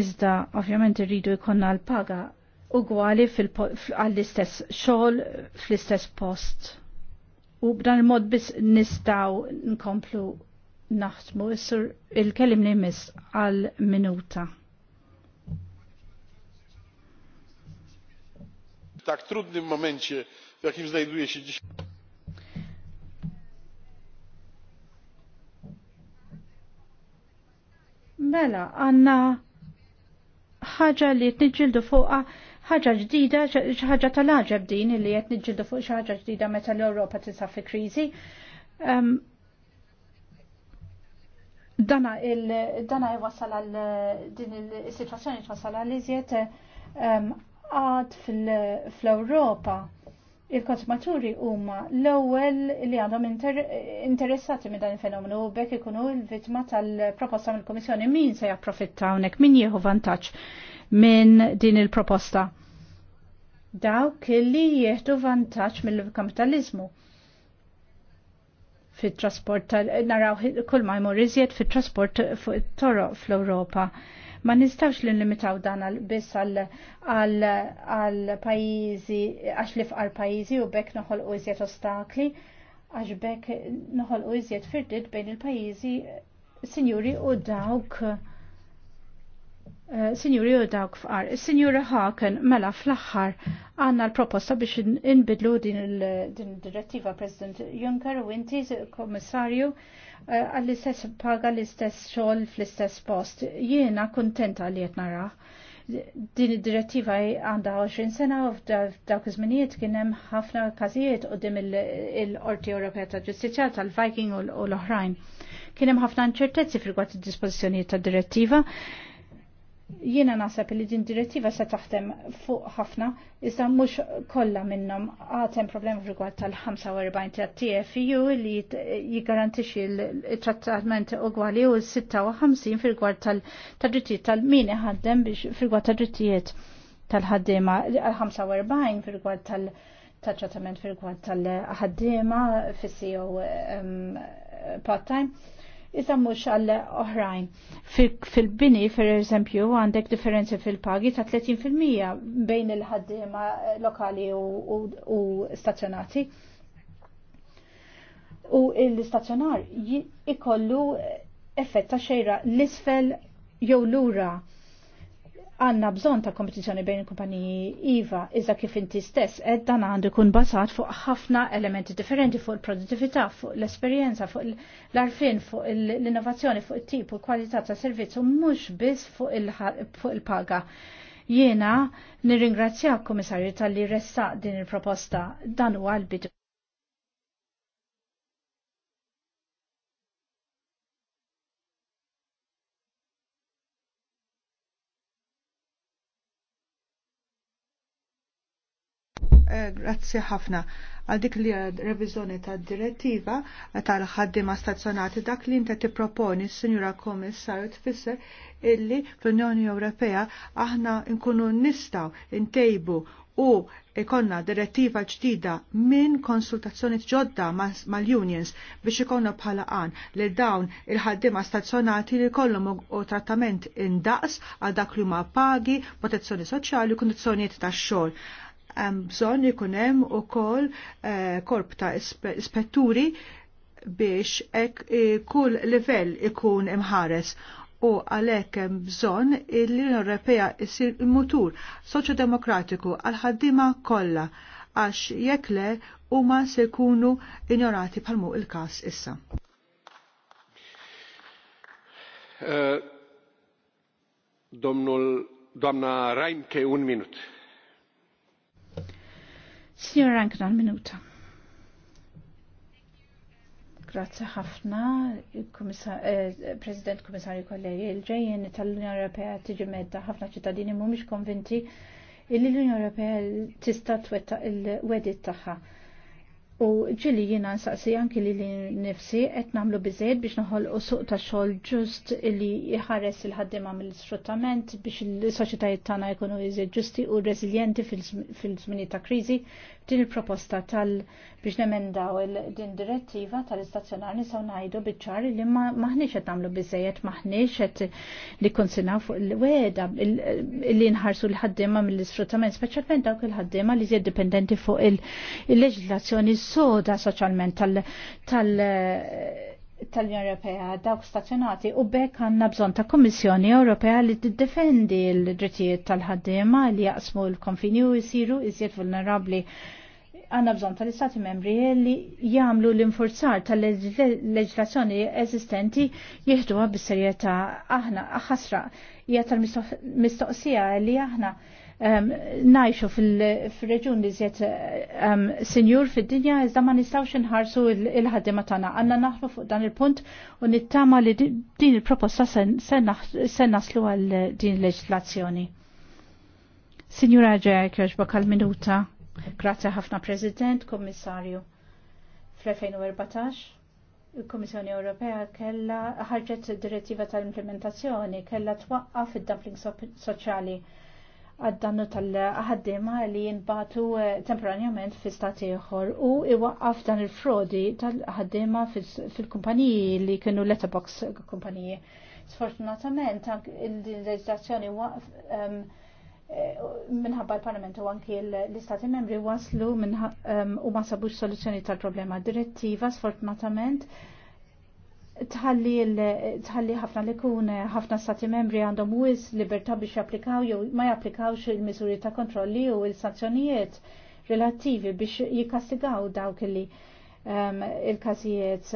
Iżda ovvjament irridu jkollna l-paga ugwali għall-istess xogħol fl-istess post. U b'dan il-mod biss nistgħu nkomplu naħtmu il-kelim li għal minuta. Tak trudnym momencie, w jakim znajduje się dzisiaj. Mela, għanna ħagġa li jtnġildu fuqa ħagġa ġdida, ħagġa tal ħagġa b'din li jtnġildu nġildu fuq ħaġa ġdida meta l-Europa tinsa fi krizi. Um, dana il dana jwasal għal din il-situazzjoni jwasal għal iżjed ehm, għad fl-Europa il-konsumaturi huma l-ewwel li għandhom interessati minn dan il-fenomenu u bekk ikunu l-vittma tal-proposta mill-Kummissjoni min se japprofitta hawnhekk min jieħu vantaġġ minn din il-proposta. Dawk li jieħdu vantaġġ mill-kapitalizmu fit-trasport naraw kull ma jmur iżjed fit-trasport fuq it-toro fl-Ewropa. Ma nistawx li limitaw dan biss għal pajizi, għax li fqar pajizi u bekk noħol u iżjed ostakli, għax bekk noħol u iżjed firdit bejn il-pajizi sinjuri u dawk Eh, signori u dawk fqar, sinjura Haken, mela fl-axħar għanna l-proposta biex inbidlu din il-direttiva President Juncker u inti komissarju eh, għall-istess paga l-istess xogħol fl-istess post. Jiena kontenta li qed nara. Din id-direttiva għandha 20 sena u f'dawk iż-żminijiet kien hemm ħafna każijiet qudiem il-Qorti Ewropea ta' Ġustizzja tal-Viking u l-oħrajn. Kien hemm ħafna inċertezzi fil-rigward id-dispożizzjonijiet tad-direttiva Jiena naħseb li din direttiva se taħdem fuq ħafna, iżda mhux kollha minnhom għatem problemi rigward tal-45 ta' TFU li jiggarantixxi l-trattament ugwali u l-56 fil-rigward tal-drittijiet tal-min ħaddem biex fil-rigward tal-drittijiet tal-ħaddiema, għal 45 fil-rigward tal- trattament fil-rigward tal-ħaddiema fissi e u um, part-time Iżda mhux għall oħrajn. Fil-bini, per eżempju, għandek differenzi fil-pagi ta' 30% bejn il-ħaddiema lokali u stazzjonati. U l-istazzjonar ikollu effett ta' xejra l-isfel jew lura. ura għanna bżon ta' kompetizjoni bejn il-kumpaniji IVA, iżda kif inti stess, ed dan għandu kun basat fuq ħafna elementi differenti fuq il-produttività, fuq l-esperienza, fuq l-arfin, fuq l-innovazzjoni, fuq il-tip u kwalità ta' servizzu, mux biss fuq il-paga. Jiena nirringrazzjak, komissarju, tal-li din il-proposta dan u għal-bidu. Eh, grazzi ħafna għal dik li revizjoni ta' direttiva tal-ħaddima stazzjonati dak li inta tipproponi s-Sinjura Komissarju tfisser illi fl-Unjoni Ewropea aħna nkunu nistaw intejbu u ikonna direttiva ġdida minn konsultazzjoni ġodda mal-unions biex ikonna bħala għan li dawn il-ħaddima stazzjonati li kollum u trattament indaqs għal dak li huma pagi, protezzjoni soċjali u kondizzjonijiet tax-xogħol hemm bżonn ikun hemm ukoll eh, korp ta' ispetturi biex ek eh, kull livell ikun imħares u għalhekk hemm bżonn l-Unjoni Ewropea issir il-mutur soċjodemokratiku għal ħaddiema kollha għax jekk le huma se jkunu ignorati bħal mu il-każ issa. Uh, domnul, domna Rajmke, un minut. Signor Rankna minuta. Grazie ħafna, eh, President Komissarju kollegi, il-ġejjen tal-Unjoni Ewropea tiġi medda ħafna ċittadini mhumiex konvinti illi l-Unjoni Ewropea tista' twettaq il-wedit tagħha U ġili jina nsaqsi anki li li nifsi qed namlu biżejjed biex noħol u suq ta' xogħol ġust li jħares il ħaddima mill-sfruttament biex il-soċjetajiet tagħna jkunu iżjed ġusti u reżiljenti fil-żmini ta' kriżi din il-proposta tal biex nemendaw din direttiva tal-istazzjonar nisaw ngħidu biċ-ċar li maħniex qed nagħmlu biżejjed maħniex qed li konsinaw fuq il-weda li nħarsu l-ħaddiema mill-sfruttament speċjalment dawk il-ħaddiema li jżjed dipendenti fuq il-leġislazzjoni soda soċjalment tal-Unjoni Ewropea dawk stazzjonati u bekk għandna bżonn ta' Kummissjoni Ewropea li tiddefendi l-drittijiet tal-ħaddiema li jaqsmu l-konfini u jsiru iżjed vulnerabbli għanna bżon tal-istati membri li jamlu l-infurzar tal-leġlazzjoni eżistenti jihduwa bis-serjetà aħna ħasra hija tal-mistoqsija li aħna um, najxu fil-reġun li zjed um, senjur fil-dinja, iżda ma nistawx nħarsu il-ħaddima tana. Għanna naħlu fuq dan il-punt u nittama li din il-proposta sen, naslu għal din leġislazzjoni. Signora Ġeja Kirchbach għal-minuta. Grazie ħafna President, Kommissarju. Fl-2014 il-Komissjoni Ewropea kella ħarġet direttiva tal-implementazzjoni kella twaqqaf id-dumpling soċjali. So għad-dannu tal ħaddim li jinbatu eh, temporanjament fi stati ieħor u iwaqqaf dan il-frodi tal ħaddim fil-kumpaniji li kienu letterbox kumpaniji. Sfortunatament, il legislazzjoni ehm, eh, minħabba l-Parlament u anki l-Istati membri waslu ehm, u ma sabux soluzzjoni tal-problema. Direttiva, sfortunatament, tħalli ħafna li kun ħafna stati membri għandhom wis libertà biex japplikaw jew ma japplikawx il-miżuri ta' kontrolli u l-sanzjonijiet relattivi biex jikastigaw dawk li um, il-każijiet.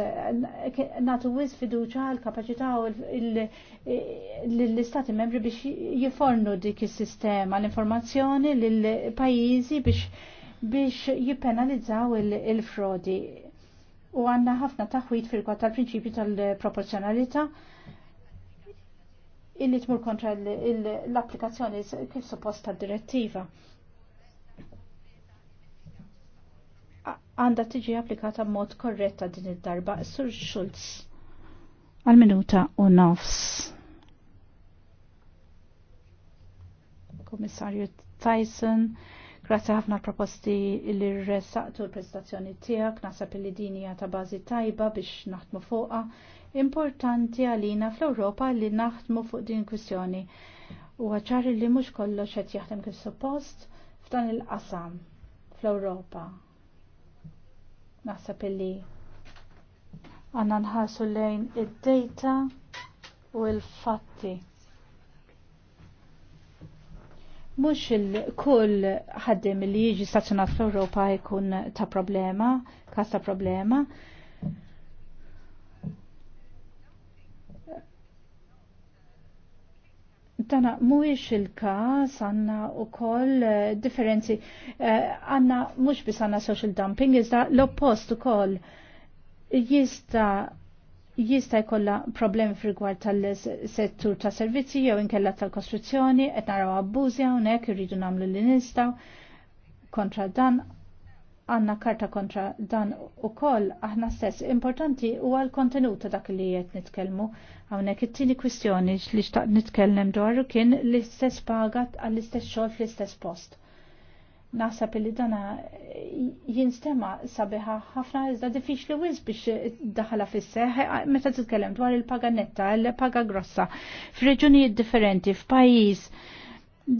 Natu wis fiduċa l-kapacità u l-istati membri biex jifornu dik is-sistema l-informazzjoni lill pajjiżi biex biex jippenalizzaw il-frodi. il frodi u għanna ħafna taħwit fil-kwa tal-prinċipju tal-proporzjonalità illi tmur kontra l-applikazzjoni kif supposta tad-direttiva. Għanda tiġi applikata mod korretta din id-darba. Sur Schulz, għal-minuta u nofs. Komissarju Tyson, Grazzi ħafna proposti li r-resaqtu l-prestazzjoni tiegħek, naħseb li din hija ta' bażi tajba biex naħdmu fuqha. Importanti għalina fl-Ewropa li naħdmu fuq din kwistjoni. U ċari li mhux kollox qed jaħdem kif suppost f'dan il-qasam fl-Ewropa. Naħseb li għandna nħasu lejn id-data u l-fatti Mux il-kull ħaddim li jiġi stazzjonat fl-Europa jkun ta' problema, kas ta' problema. Tana mhuwiex il-każ għandna wkoll eh, differenzi eh, għandna mhux biss għandna social dumping iżda l-oppost ukoll jista' jista' jkollha problemi f'rigward tal-settur ta' servizzi jew inkella tal-kostruzzjoni qed naraw abbużi hawnhekk irridu nagħmlu li nistgħu kontra dan għanna karta kontra dan u koll aħna stess importanti u għal kontenuta dak li jiet nitkelmu għawnek it-tini kwistjoni li xtaq nitkellem dwar kien l-istess pagat għall-istess xogħol fl-istess post Naħseb li dana jinstema sabiħa ħafna iżda diffiċli wis biex daħla fis-seħ meta titkellem dwar il-paganetta, il-paga grossa f'reġunijiet differenti f'pajjiż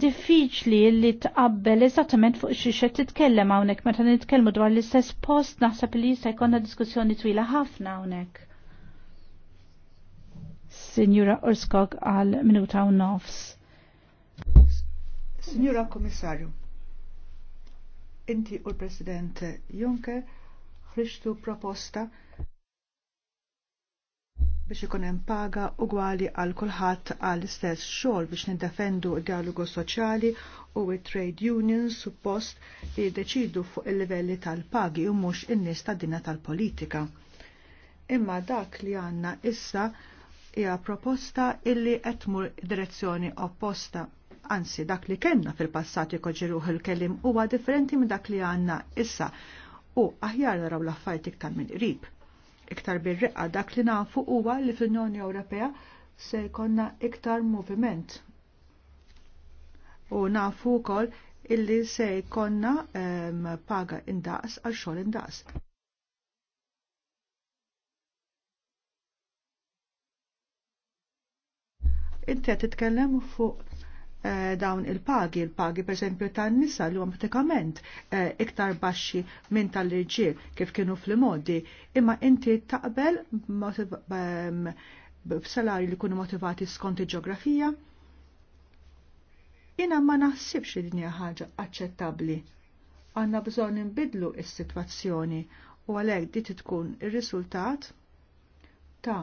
diffiċli li tqabbel eżattament fuq xi xed titkellem hawnhekk meta nitkellmu dwar l-istess post naħseb li jista' jkollna diskussjoni twila ħafna hawnhekk. Sinjura Urskog għal minuta u nofs. Signora Komissarju, inti u l-President Juncker ħriġtu proposta biex ikun hemm paga ugwali għal kulħadd għall istess xogħol biex nindefendu d-dialogu soċjali u trade unions suppost li jiddeċidu fuq il-livelli tal-pagi u mhux in-nies tad-dinja tal-politika. Imma dak li għandna issa hija proposta illi qed tmur direzzjoni opposta anzi dak li kellna fil-passat jikoġiruħ il kellim huwa differenti minn dak li għandna issa u aħjar naraw l-affarijiet iktar minn qrib. Iktar bir-reqqa dak li nafu huwa li fl-Unjoni Ewropea se jkollna iktar moviment. U nafu wkoll illi se jkollna ehm, paga indaqs għal xogħol indaqs. Inti titkellem fuq Eh, dawn il-pagi, il-pagi per esempio tan nisa li għom pratikament e, iktar baxxi minn tal-irġiel kif kienu fl-modi, imma inti taqbel b-salari li kunu motivati skont il-ġeografija. Jina ma naħsibx li dinja ħaġa aċċettabbli. Għanna bżonn nbidlu is-sitwazzjoni u għalhekk dit tkun ir-riżultat ta'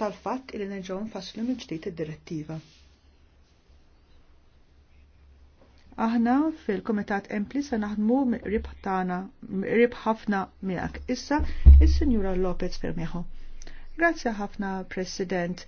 tal-fatt li nerġgħu nfasslu minn ġdid id-direttiva. Aħna fil-Komitat Empli se naħdmu rib tagħna ħafna miegħek. Issa is-Sinjura Lopez Fermeħo. Grazzi ħafna President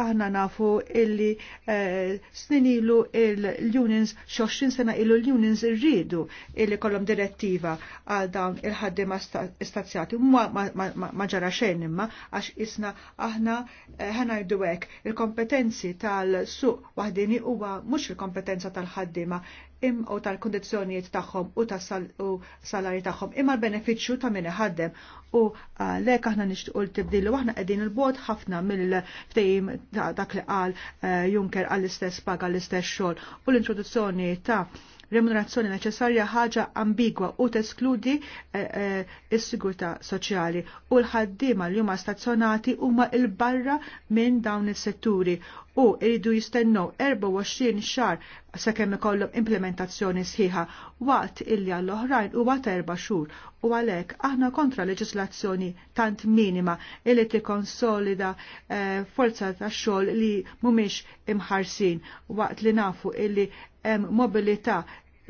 aħna nafu illi eh, snin ilu il-unions, xoxin sena ilu l-unions rridu illi kollom direttiva għal dawn il-ħaddima stazzjati. Ma, ma, ġara xejn imma għax isna aħna eh, ħana id-dwek il-kompetenzi tal-suq wahdini huwa mux il-kompetenza tal-ħaddima im u tal-kondizzjonijiet tagħhom u tas-salari tagħhom imma l-benefiċċju ta' min iħaddem u lek aħna nixtiequ l-tibdil u aħna qegħdin il-bod ħafna mill-ftehim dak li qal eh, Juncker għall-istess paga għall-istess xogħol u l-introduzzjoni ta' remunerazzjoni neċessarja ħaġa ambigwa u teskludi eh, eh, is-sigurtà soċjali u l-ħaddiema li huma stazzjonati huma il barra minn dawn is-setturi u iridu jistennew 24 xar sakemm ikollhom implementazzjoni sħiħa waqt illi għall-oħrajn huwa ta' erba' xhur u għalhekk aħna kontra leġislazzjoni tant minima illi tikkonsolida eh, forza ta' xogħol li mhumiex imħarsin waqt li nafu illi hemm mobilità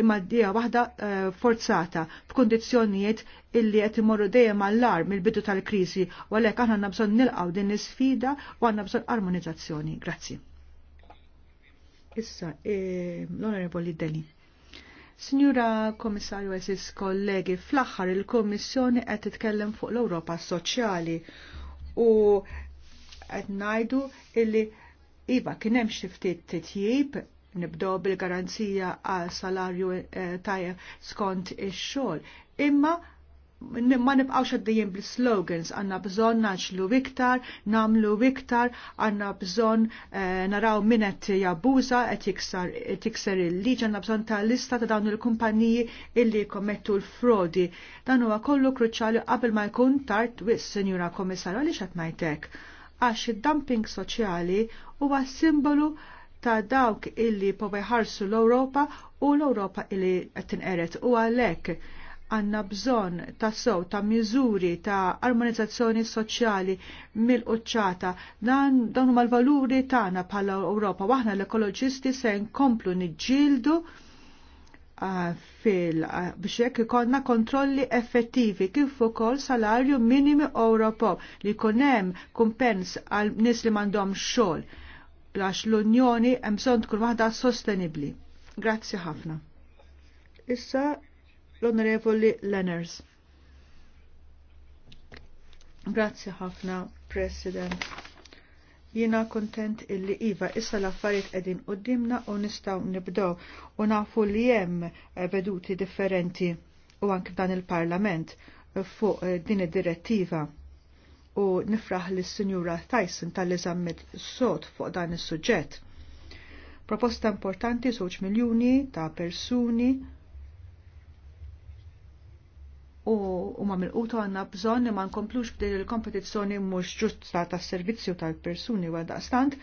imma d-dija waħda eh, forzata f'kundizzjonijiet illi qed imorru dejjem għall lar mill-bidu tal-kriżi u għalhekk aħna bżonn nilqgħu din l-isfida u għandna bżonn armonizzazzjoni. Grazzi. Issa, eh, l-Onorevoli Deli. Signora Komissarju Esis kollegi, fl-aħħar il-Kommissjoni qed titkellem fuq l-Ewropa Soċjali u qed ngħidu illi Iva, kien hemm xi ftit titjib nibdow bil-garanzija għal salarju eh, tajjeb skont ix-xogħol. Imma ma nibqawx għaddejjem bil slogans għanna bżon naġlu iktar, namlu iktar, għanna bżon eh, naraw minnet jabbuża qed jikser il-liġ, għanna bżon ta' lista ta' dawn il-kumpaniji illi kommettu l-frodi. Dan huwa kollu kruċjali qabel ma jkun tard wis, Sinjura Komissar għaliex qed ngħidlek għax id-dumping soċjali huwa simbolu ta' dawk illi jħarsu l-Europa u l-Europa illi tinqeret u għalek għanna bżon ta' sow ta' miżuri ta' armonizzazzjoni soċjali mill-qoċċata dan dan huma l-valuri tagħna bħala Ewropa waħna l-ekoloġisti se nkomplu niġġieldu fil biex hekk ikollna kontrolli effettivi kif ukoll salarju minimi Ewropew li jkun hemm kumpens għal nies li m'għandhomx xogħol għax l-Unjoni hemm bżonn tkun waħda sostenibbli. Grazzi ħafna. Issa l-Onorevoli Lenners. Grazzi ħafna, President. Jiena kontent illi Iva issa l-affarijiet qegħdin qudiemna u nistgħu nibdew u nafu li hemm eh, veduti differenti u anke dan il-Parlament eh, fuq eh, din id-direttiva u nifraħ lis sinjura Tyson tal s sot fuq dan is-suġġett. Proposta importanti żewġ miljuni ta' persuni u huma milqutu għandna bżonn ma nkomplux bdejn il-kompetizzjoni mhux ġusta tas-servizzju tal-persuni wara daqstant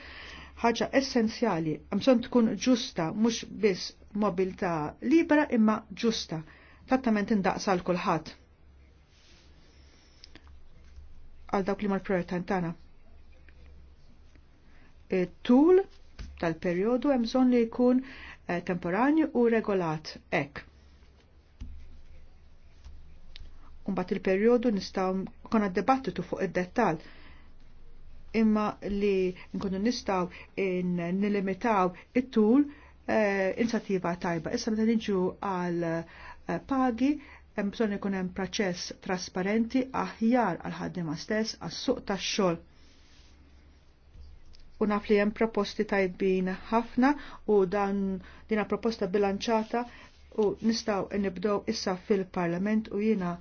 ħaġa essenzjali, bżonn tkun ġusta mhux biss mobilità libera imma ġusta, trattament indaqsa l kulħadd għal dawk li mal priorità tagħna. Tul tal-perjodu hemm bżonn li jkun eh, temporanju u regolat hekk. Umbat il-perjodu nistgħu konna debattitu fuq id-dettal imma li nkunu nistgħu in nilimitaw it-tul eh, inizjattiva tajba. Issa meta niġu għal eh, pagi hemm bżonn ikun hemm proċess trasparenti aħjar għal ħaddiema stess għas-suq tax-xogħol. U naf li hemm proposti tajbin ħafna u dan dina proposta bilanċata u nistgħu nibdew issa fil-Parlament u jiena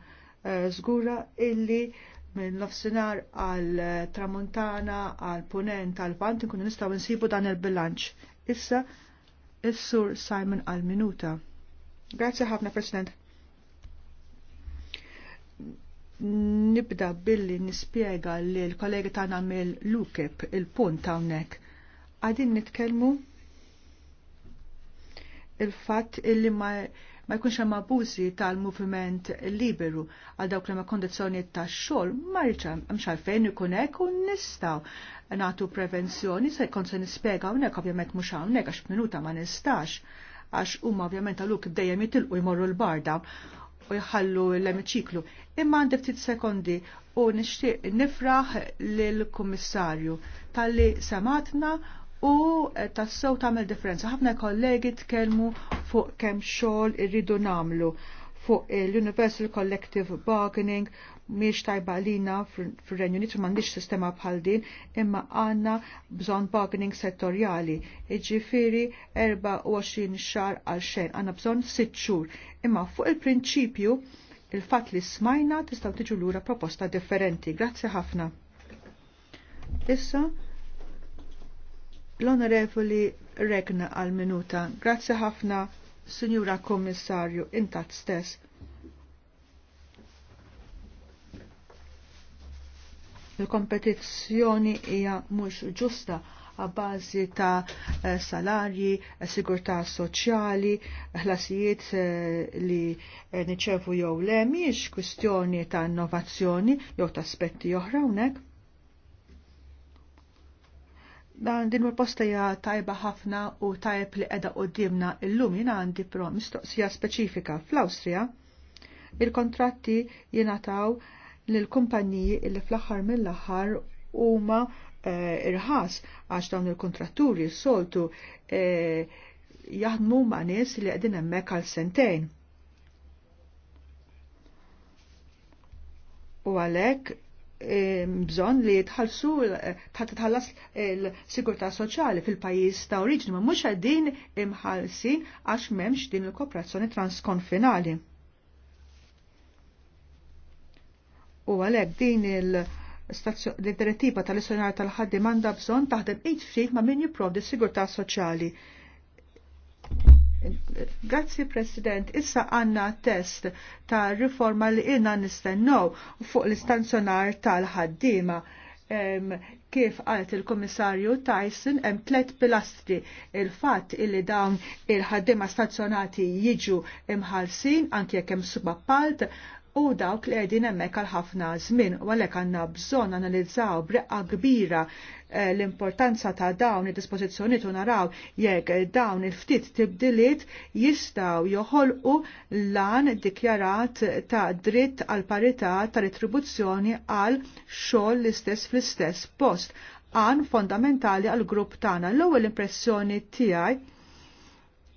żgura eh, illi minn nofsinhar għal tramuntana għal punent għal vant nkunu nistgħu nsibu dan il-bilanċ. Issa is-sur Simon għal minuta. Grazzi ħafna President nibda billi nispiega li l-kollegi tagħna mill-Lukip il-punt hawnhekk. Għadin nitkellmu il-fatt illi ma ma jkunx hemm abużi tal-moviment liberu għal dawk li ma kondizzjonijiet tax-xogħol ma hemm għalfejn ikun hekk u nistgħu nagħtu prevenzjoni se jkun se nispjega hawnhekk ovvjament mhux hawnhekk għax minuta ma nistax għax huma ovvjament għaluk dejjem jitilqu jmorru l-barda u jħallu l-emiċiklu. Imma għandek ftit sekondi u nixtieq nifraħ lill-Kummissarju tal-li samatna u eh, tassew tagħmel differenza. Ħafna kollegi tkellmu fuq kemm xogħol irridu nagħmlu fuq l-Universal Collective Bargaining, miex tajba lina fil-Renju Unit m'għandix sistema bħal din, imma għanna bżon bargaining settorjali. Iġifiri 24 xar għal xejn, għanna bżon 6 xhur. Imma fuq il-prinċipju il-fat li smajna tistaw tiġu lura proposta differenti. Grazzi ħafna. Issa l-Onorevoli Regna għal minuta. Grazzi ħafna, Sinjura Kommissarju, intat stess Il-kompetizzjoni hija mhux ġusta għabbażi ta' eh, salarji, eh, sigurtà soċjali, ħlasijiet eh, li niċevu jew le, miex kwistjoni ta' innovazzjoni jew ta' aspetti oħra hawnhekk. Dan din il-posta hija tajba ħafna u tajb li qiegħda qudiemna illum jien għandi però mistoqsija speċifika fl-Awstrija il-kontratti jingħataw l-kumpanniji illi fl-aħħar mill-aħħar huma eh, irħas għax dawn il-kontratturi s-soltu eh, jaħdmu ma' nies li qegħdin hemmhekk għal sentejn. U għalhekk eh, bżon li tħallsu tħallas il-sigurtà soċjali fil-pajjiż ta' oriġini ma mhux din imħallsin għax m'hemmx din il-kooperazzjoni transkonfinali. U għalhekk din il-direttiva tal-istonar tal-ħaddim għandha bżonn taħdem id ftit ma' min jipprovdi sigurtà soċjali. Grazzi President, issa għanna test ta' riforma li jina nistennow fuq l-istanzjonar tal-ħaddima. Kif għalt il-Komissarju Tyson, hemm tlet pilastri il-fatt illi dawn il-ħaddima stazzjonati jiġu imħalsin anke jekk hemm subappalt u dawk li għedin emmek għal ħafna żmien u għalek għanna bżon analizzaw breqqa kbira eh, l-importanza ta' dawn id-dispożizzjoni tu naraw jekk dawn il-ftit tibdiliet jistaw joħolqu lan dikjarat ta' dritt għal parità ta' retribuzzjoni għal xogħol l-istess fl-istess post għan fondamentali għal grupp tagħna. L-ewwel impressjoni tiegħi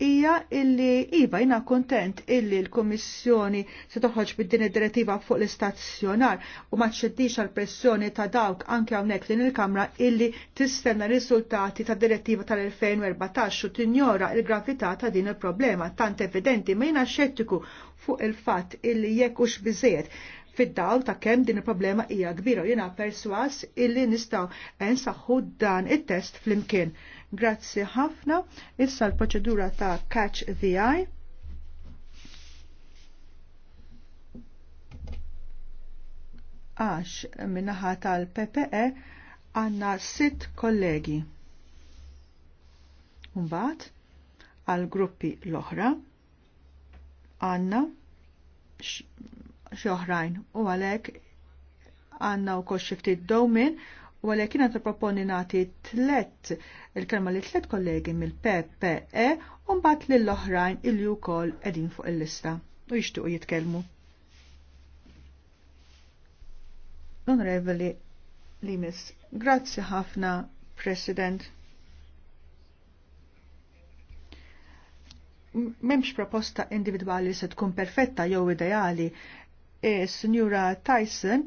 hija illi iva jina kontent illi l-Kommissjoni se toħroġ bid dini id-direttiva fuq l-istazzjonar u ma txeddix għal pressjoni ta' dawk anke hawnhekk din il-Kamra illi tistenna riżultati ta' direttiva tal-2014 u tinjora il-gravità ta' din il-problema tant evidenti ma jina xettiku fuq il-fatt illi jekk hux biżejjed fid-dawl ta' kemm din il-problema hija kbira jina jiena perswas illi nistgħu nsaħħu dan it-test flimkien. Grazzi ħafna. Issa l-proċedura ta' Catch the Eye. Għax minnaħa tal-PPE għanna sitt kollegi. Umbat, għal gruppi l-oħra, għanna xoħrajn u għalek għanna u xi ftit domin U għalhekk t proponi nagħti let il-kelma li t-let kollegi mill-PPE u mbagħad lill-oħrajn illi wkoll qegħdin fuq il-lista u jixtiequ jitkellmu. Onorevoli Limis, grazzi ħafna President. memx proposta individuali se tkun perfetta jew ideali. E, Signora Tyson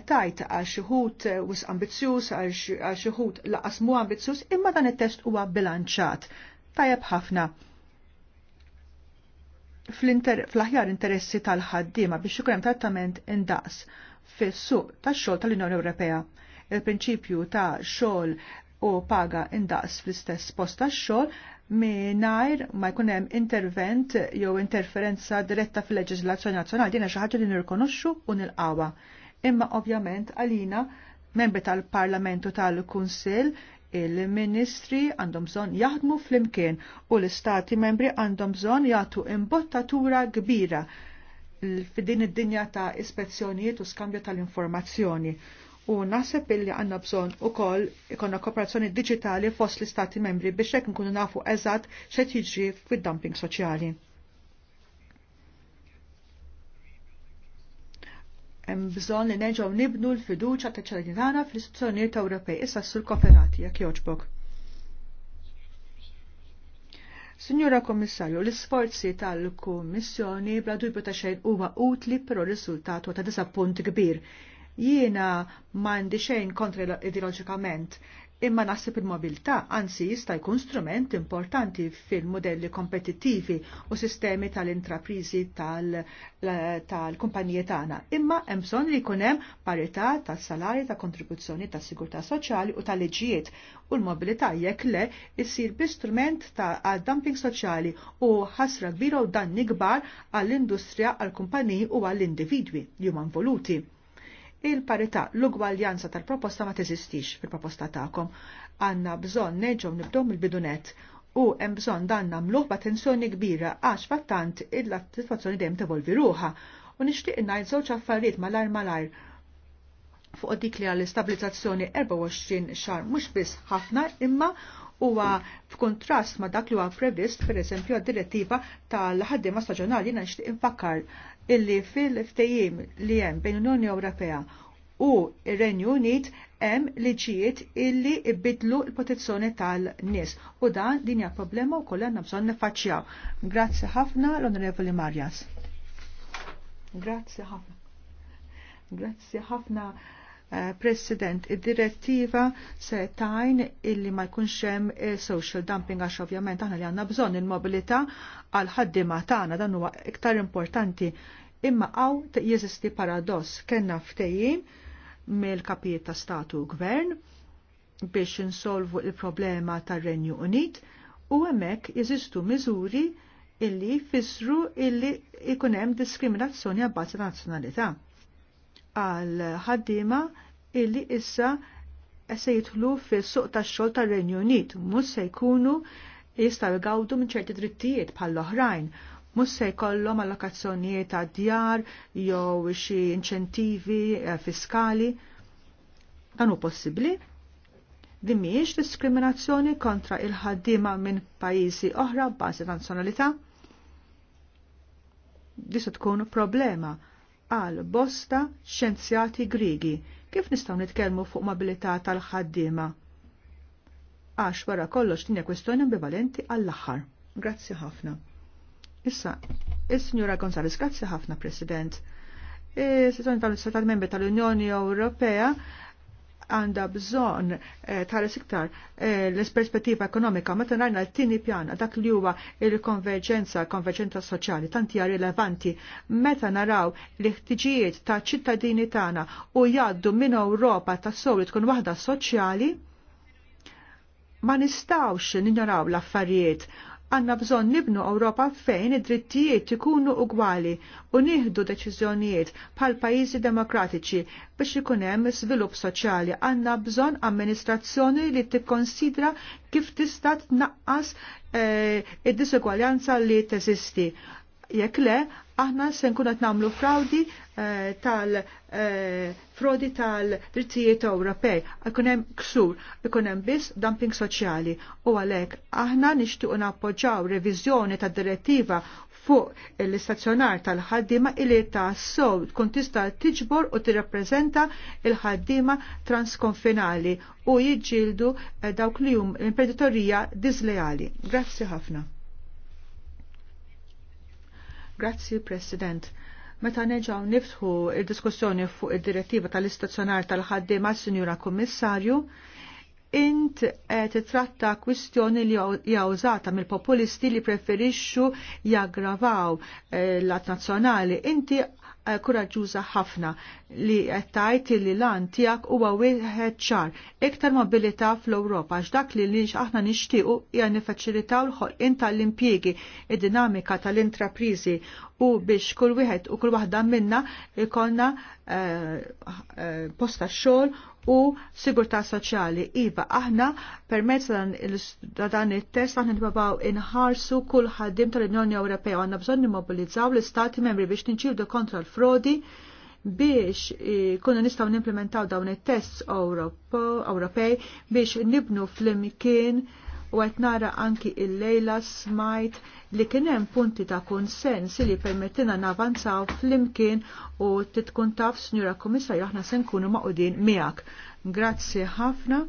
tajt għal xuħut eh, wis ambizjus, għal xuħut laqas mu ambizjus, imma dan it-test huwa bilanċat. Tajab ħafna fl-aħjar interessi tal-ħaddiema biex ikun hemm trattament indaqs fis-suq tax-xogħol tal-Unjoni Ewropea. Il-prinċipju ta' xogħol u paga indaqs fl-istess post tax-xogħol mingħajr ma jkun hemm intervent jew interferenza diretta fil-leġiżlazzjoni nazzjonali dina xi ħaġa li nirrikonoxxu u nilqawha imma ovvjament għalina membri tal-Parlamentu tal-Kunsill il-ministri għandhom bżonn jaħdmu flimkien u l-istati membri għandhom bżonn jagħtu imbottatura kbira f'din id-dinja ta' ispezzjonijiet u skambju tal-informazzjoni. U naħseb illi għandna bżonn ukoll ikonna kooperazzjoni diġitali fost l-istati membri biex jekk nkunu nafu eżatt x'et jiġri fid-dumping soċjali. hemm bżonn li nerġgħu nibnu l-fiduċja ta' ċittadini tagħna fl-istituzzjonijiet Ewropej. Issa sul koperati jekk jogħġbok. Signora Kommissarju, l-isforzi tal-Kummissjoni bla dubju ta' xejn huwa utli però r-riżultat ta' disappunt kbir. Jiena m'għandi xejn kontra ideoloġikament imma naħseb il-mobilità anzi jista' jkun strument importanti fil-modelli kompetittivi u sistemi tal-intraprizi tal-kumpanije tal tagħna. Imma hemm bżonn li jkun hemm parità tas-salari ta' kontribuzzjoni tas sigurtà soċjali u tal-liġijiet u l-mobilità jekk le issir bi strument ta' dumping soċjali u ħasra kbira u danni kbar għall-industrija għall-kumpaniji u għall-individwi li huma involuti il-parità l-ugwaljanza tal-proposta ma teżistix fil-proposta ta'kom. Għanna bżon neġom nibdom il-bidunet u hemm bżonn dan nagħmluh b'attenzjoni kbira għax fattant il-sitwazzjoni dejjem tevolvi ruħa u nixtieq ngħid żewġ affarijiet malajr malajr fuq dik li għall-istabilizzazzjoni 24 xar mhux biss ħafna imma huwa f'kontrast ma dak li huwa previst pereżempju għad-direttiva tal-ħaddiema staġjonali nixtieq infakkar illi fil-ftejim li hemm bejn l-Unjoni Ewropea u r-Renju Unit hemm liġijiet illi ibidlu l-protezzjoni tal-nies u dan din hija problema u għandna bżonn nifaċċjaw. Grazzi ħafna l-Onorevoli Marjas. Grazzi ħafna. Grazzi ħafna. Eh, President, id-direttiva se tajn illi ma jkunx hemm eh, social dumping għax ovvjament aħna li għandna bżonn il-mobilità għal ħaddiema tagħna dan huwa iktar importanti imma għaw jeżisti paradoss kellna ftejjin mill-kapijiet ta' statu u gvern biex insolvu il-problema tar-Renju Unit u hemmhekk jeżistu miżuri illi jfissru illi ikun hemm diskriminazzjoni għabbazz nazzjonalità għal ħaddima illi issa se jidħlu fis-suq tax-xogħol tar-Renju Unit, mhux se jkunu jista' jgawdu minn ċerti drittijiet bħall-oħrajn mus se jkollhom allokazzjonijiet ta' djar jew xi inċentivi eh, fiskali. Dan hu possibbli? Din mhijiex diskriminazzjoni kontra il-ħaddiema minn pajjiżi oħra b'bażi nazzjonalità? Dis tkun problema għal bosta xenzjati Grigi kif nistgħu nitkellmu fuq mobilità tal-ħaddiema. Għax wara kollox tinja kwestjoni ambivalenti għall-aħħar. Grazzi ħafna. Issa, is signora Gonzalez, grazzi ħafna, President. E, Sezoni tal-Membri tal-Unjoni Ewropea għanda bżon eh, tara iktar eh, l-perspettiva ekonomika, meta rajna l-tini pjana dak li huwa il-konverġenza, konverġenza soċjali, tanti rilevanti, meta naraw l-ħtiġijiet ta' ċittadini tagħna u jgħaddu minn Ewropa ta' sowli tkun waħda soċjali, ma nistawx ninjaraw l-affarijiet għanna bżon nibnu Ewropa fejn id-drittijiet ikunu ugwali u nieħdu deċiżjonijiet bħal pajjiżi demokratiċi biex ikun hemm svilupp soċjali. Għanna bżon amministrazzjoni li tikkonsidra kif tista' tnaqqas eh, id-disugwaljanza li teżisti jekk le aħna se nkun qed nagħmlu eh, eh, frodi tal-frodi tal-drittijiet Ewropej. Ikun hemm ksur, ikun hemm biss dumping soċjali u għalhekk aħna nixtiequ nappoġġaw reviżjoni tad-direttiva fuq l-istazzjonar tal-ħaddima illi ta' sow tkun tista' tiġbor u tirrappreżenta il-ħaddima transkonfinali u jiġġieldu eh, dawk li hum imprenditorija disleali. Grazzi ħafna. Grazzi, President. Meta neġaw niftħu il-diskussjoni fuq id-direttiva il diskussjoni fuq id direttiva tal istazzjonar tal għal Sinjura Kommissarju, int tratta kwistjoni li jawżata mill-populisti li preferixxu jaggravaw eh, l-att nazzjonali. Inti eh, kuraġuża ħafna li qed li lan tiegħek huwa wieħed ċar. Iktar mobilità fl-Ewropa x'dak li li aħna nixtiequ hija nifaċilitaw l-ħolqien tal-impjiegi, id-dinamika tal-intrapriżi u biex kull wieħed u kull waħda minna ikolna eh, eh, posta xogħol u sigurtà soċjali. Iva, aħna permezz ta' dan it-test aħna nibabaw inħarsu kull ħaddim tal-Unjoni Ewropea għanna bżonn mobilizzaw l-Istati membri biex ninċildu kontra l-frodi biex eh, kunu nistaw nimplementaw dawn it-tests Ewropej biex nibnu fl-imkien u għet nara anki il-lejla smajt li kienem punti ta' konsens li permettina navanzaw fl-imkien u titkun taf snjura komissarju aħna se nkunu maqudin miegħek. Grazzi ħafna.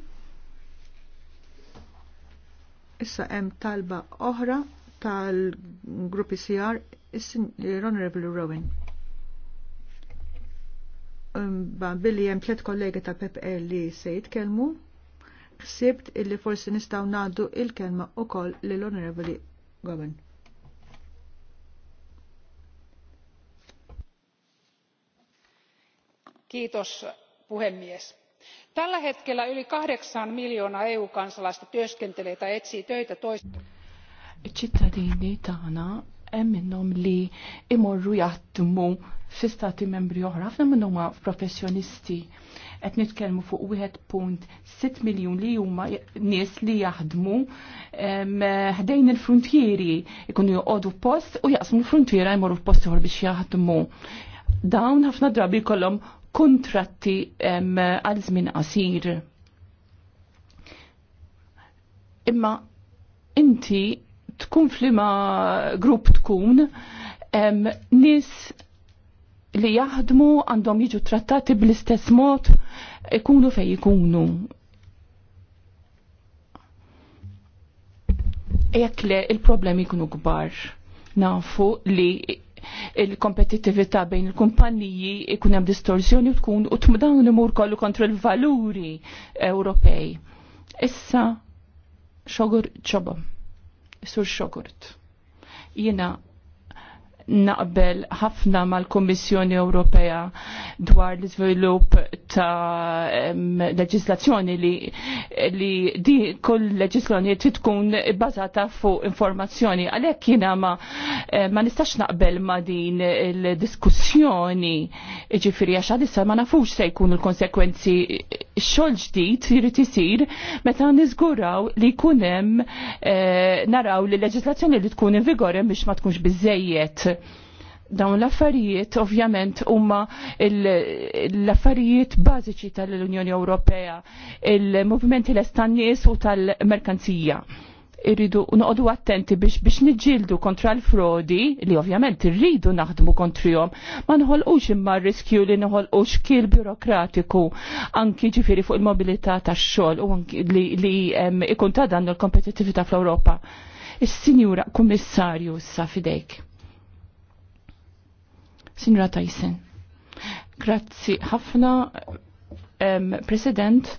Issa hemm talba oħra tal-gruppi CR, is-Honorable eh, Rowan billi jem tlet kollegi ta' PPL e li se jitkellmu, ħsibt illi forsi nistaw naddu il-kelma u wkoll l onorevoli Govan. Kiitos puhemies. Tällä hetkellä yli kahdeksan miljoonaa EU-kansalaista työskentelee tai etsii töitä toista. Cittadini Tana hemm minnhom li imorru jaħdmu fi stati membri oħra, ħafna minnhom huma professjonisti. Qed nitkellmu fuq wieħed punt 1.6 miljun li huma nies li jaħdmu ħdejn il-frontieri ikunu joqogħdu post u jaqsmu l-frontiera jmorru f'post ieħor biex jaħdmu. Dawn ħafna drabi kollhom kontratti għal żmien qasir. Imma inti tkun flima grupp tkun nis li jaħdmu għandhom jiġu trattati bl-istess mod ikunu fej ikunu. Jekk le il-problemi jkunu kbar. Nafu li il-kompetitività bejn il-kumpanniji ikun hemm distorsjoni tkun u tmdan imur kollu kontra l-valuri Ewropej. Issa xogur ċobom. Sur Xogurt. Jiena naqbel ħafna mal-Kommissjoni Ewropea dwar l-iżvilupp ta' leġislazzjoni li, li di kull leġislazzjoni tkun bazata fuq informazzjoni. Għalhekk jiena ma, eh, ma nistax naqbel ma din l diskussjoni ġifiri għax għadissa ma nafux se jkun il-konsekwenzi xogħol ġdid jrid isir meta niżguraw li jkun hemm eh, naraw li leġislazzjoni li tkun in vigore biex ma tkunx bizzejiet dawn l-affarijiet ovvjament huma l-affarijiet bażiċi tal-Unjoni Ewropea, il-movimenti l affarijiet bażiċi tal unjoni ewropea il movimenti l nies u tal-merkanzija. Irridu noqogħdu attenti biex biex niġġieldu kontra l-frodi li ovvjament irridu naħdmu kontrihom, ma nħolqux imma riskju li nħolqu xkil birokratiku anki ġifieri fuq il-mobilità tax-xogħol u li ikun ta' dan l kompetitività fl-Ewropa. Is-Sinjura Kummissarju sa fidejk. Sinra Tyson. Grazzi ħafna, um, President,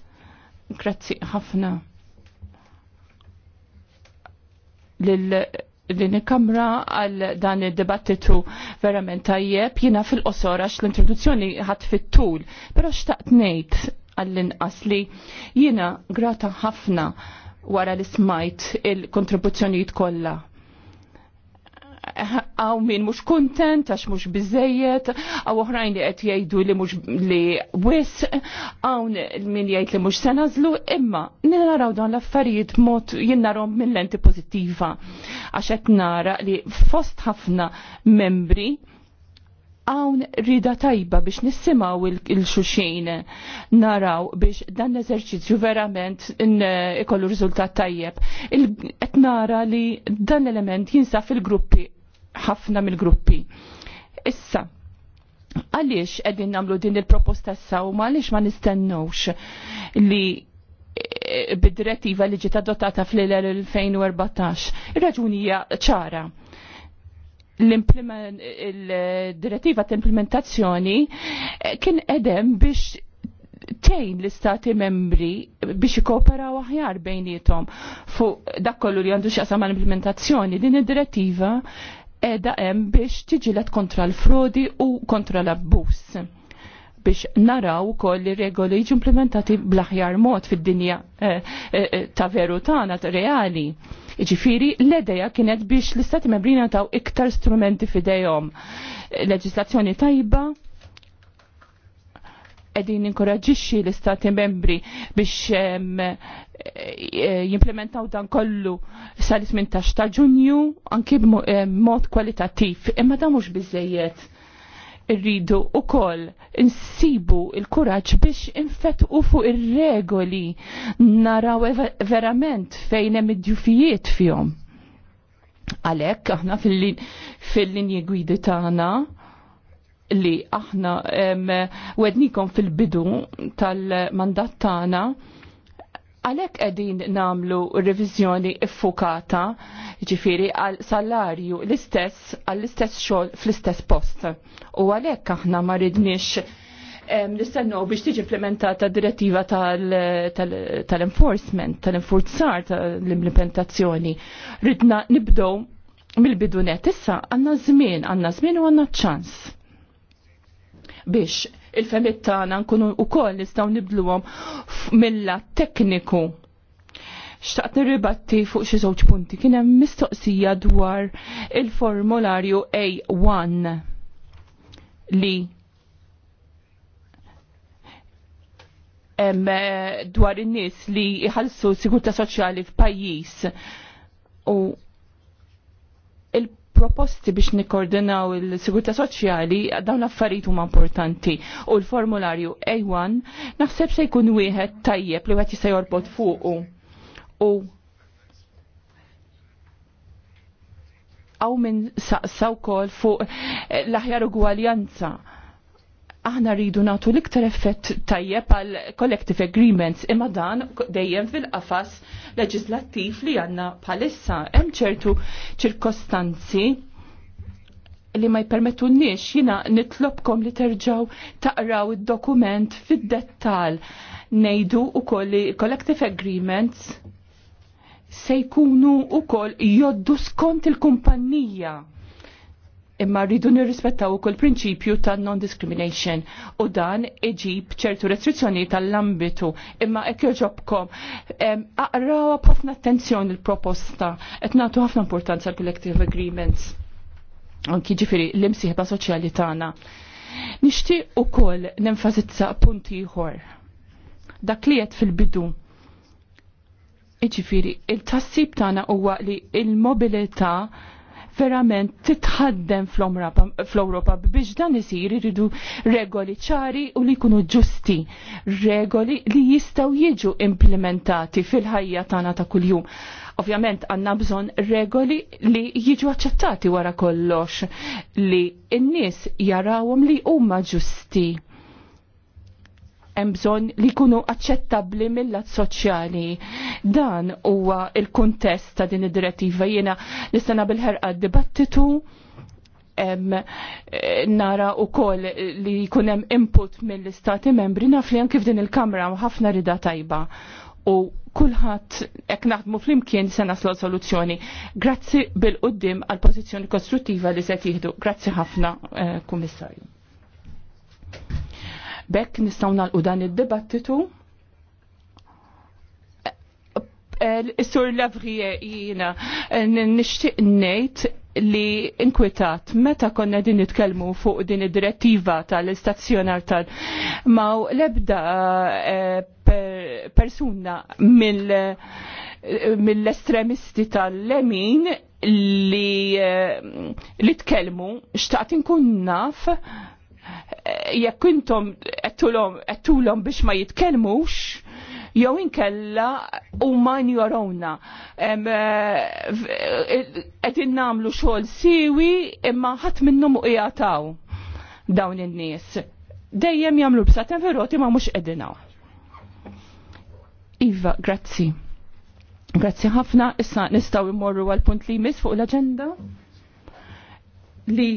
grazzi ħafna lil kamra għal dan il-dibattitu verament tajjeb jina fil-qosor għax l-introduzzjoni ħat fit-tul, pero xtaqt nejt għall-inqas li jina grata ħafna wara li smajt il-kontribuzzjonijiet kollha għaw min mux kontent, għax mux bizzejiet, għaw uħrajn li għet jajdu li mux li wis, għaw min jajt li mux senazlu, imma naraw dan l-affarijiet mod jinnarom min lenti pozittiva. Għax għet nara li fost ħafna membri għawn rida tajba biex nissimaw il-xuxin naraw biex dan l-eżerċizzju verament ikollu rizultat tajjeb. Et li dan element jinsa fil-gruppi ħafna mill-gruppi. Issa, għaliex qegħdin nagħmlu din il-proposta issa u għaliex ma nistennux li e, bid-direttiva li ġiet adottata fl-2014. Ir-raġunija ċara l-direttiva t-implementazzjoni e, kien edem biex tejn l-istati membri biex jikoperaw aħjar bejnietom fuq dak kollu li għandu x'asam għal implementazzjoni din id-direttiva edha hemm biex tiġilet kontra l-frodi u kontra l-abbuż biex naraw kol li regoli jiġu implementati blaħjar mod fid-dinja eh, eh, eh ta' veru tagħna reali. Ġifiri, l-edeja kienet biex l-istati membrina taw iktar strumenti fidejhom. Leġislazzjoni tajba, edin inkoraġixxi l-istati membri biex e, e, jimplementaw dan kollu sal-18 ta' ġunju anki b'mod e, kwalitattiv. Imma da mhux biżejjed irridu u koll insibu il-kuraċ biex u fuq ir-regoli naraw verament fejn hemm id-djufijiet fihom. Għalhekk aħna fil-linji gwidi tagħna li aħna wednikom fil-bidu tal-mandat tagħna għalek edin namlu revizjoni iffukata ġifiri għal salarju l-istess għall-istess xol fl-istess post. U għalek aħna ma ridniex nistennu biex tiġi implementata direttiva tal-enforcement, tal-enforzar tal-implementazzjoni. Ridna nibdow mill-bidunet issa għanna żmien, għanna żmien u għanna ċans biex il-femit tagħna nkunu wkoll nistgħu nibluhom milla tekniku. Xtaqt nirribatti fuq xi żewġ punti kien hemm mistoqsija dwar il-formularju A1 li em, eh, dwar in-nies li jħallsu sigurtà soċjali f'pajjiż u proposti biex nikkoordinaw il-sigurta soċjali dawn l-affarijiet huma importanti u l-formularju A1 naħseb se jkun wieħed tajjeb li wieħed jista' jorbot fuqu. U minn saqsa wkoll fuq l-aħjar ugwaljanza aħna rridu natu l-iktar effett tajjeb għal collective agreements imma dan dejjem fil-qafas leġislattiv li għanna palissa hemm ċertu ċirkostanzi li ma jpermettunniex jina nitlobkom li terġaw taqraw id-dokument fid-dettal nejdu u li collective agreements se jkunu u koll joddu skont il-kumpanija imma rridu nirrispettaw ukoll prinċipju ta' non-discrimination u dan iġib ċertu restrizzjoni tal-ambitu imma hekk joġobkom aqraw b'ħafna attenzjoni l-proposta qed nagħtu ħafna importanza l-collective agreements anki ġifieri l-imsieħba soċjali tagħna. Nixtieq ukoll nenfasizza punt ieħor. Dak li qed fil-bidu Iġifiri, il-tassib tagħna huwa li il-mobilità il mobilità verament titħaddem fl-Europa biex dan isir iridu regoli ċari u li jkunu ġusti, regoli li jistaw jiġu implementati fil-ħajja tagħna ta' kuljum. Ovvjament għanna bżon regoli li jiġu aċċettati wara kollox li n-nies jarawhom li huma ġusti hemm bżonn li jkunu aċċettabbli mill-lat soċjali. Dan huwa il-kuntest ta' din id-direttiva jiena sena bil-ħerqa dibattitu em, nara u koll li jkun hemm input mill-istati membri naf li kif din il-kamra ħafna rida tajba. U kulħadd hekk naħdmu flimkien se slo soluzzjoni. Grazzi bil-qudiem għal pożizzjoni kostruttiva li se tieħdu. Grazzi ħafna, eh, Kummissarju. Bekk nistgħu nagħlqu dan id-dibattitu. Eh, sur Lavrie jiena eh, nixtieq ngħid li inkwetat meta konna din nitkellmu fuq din id-direttiva tal-istazzjonar tal maw lebda eh, persuna mill-estremisti tal-lemin li li tkellmu xtaqt inkun naf jekk intom għettulom biex ma jitkelmux, jew inkella huma njorawna. Eh, Għedin nagħmlu xogħol siwi imma ħadd minnhom qiegħataw dawn in-nies. Dejjem jagħmlu b'satem veroti ma mhux edina. Iva, grazzi. Grazzi ħafna, issa nistgħu immorru għal punt li jmiss fuq l-aġenda li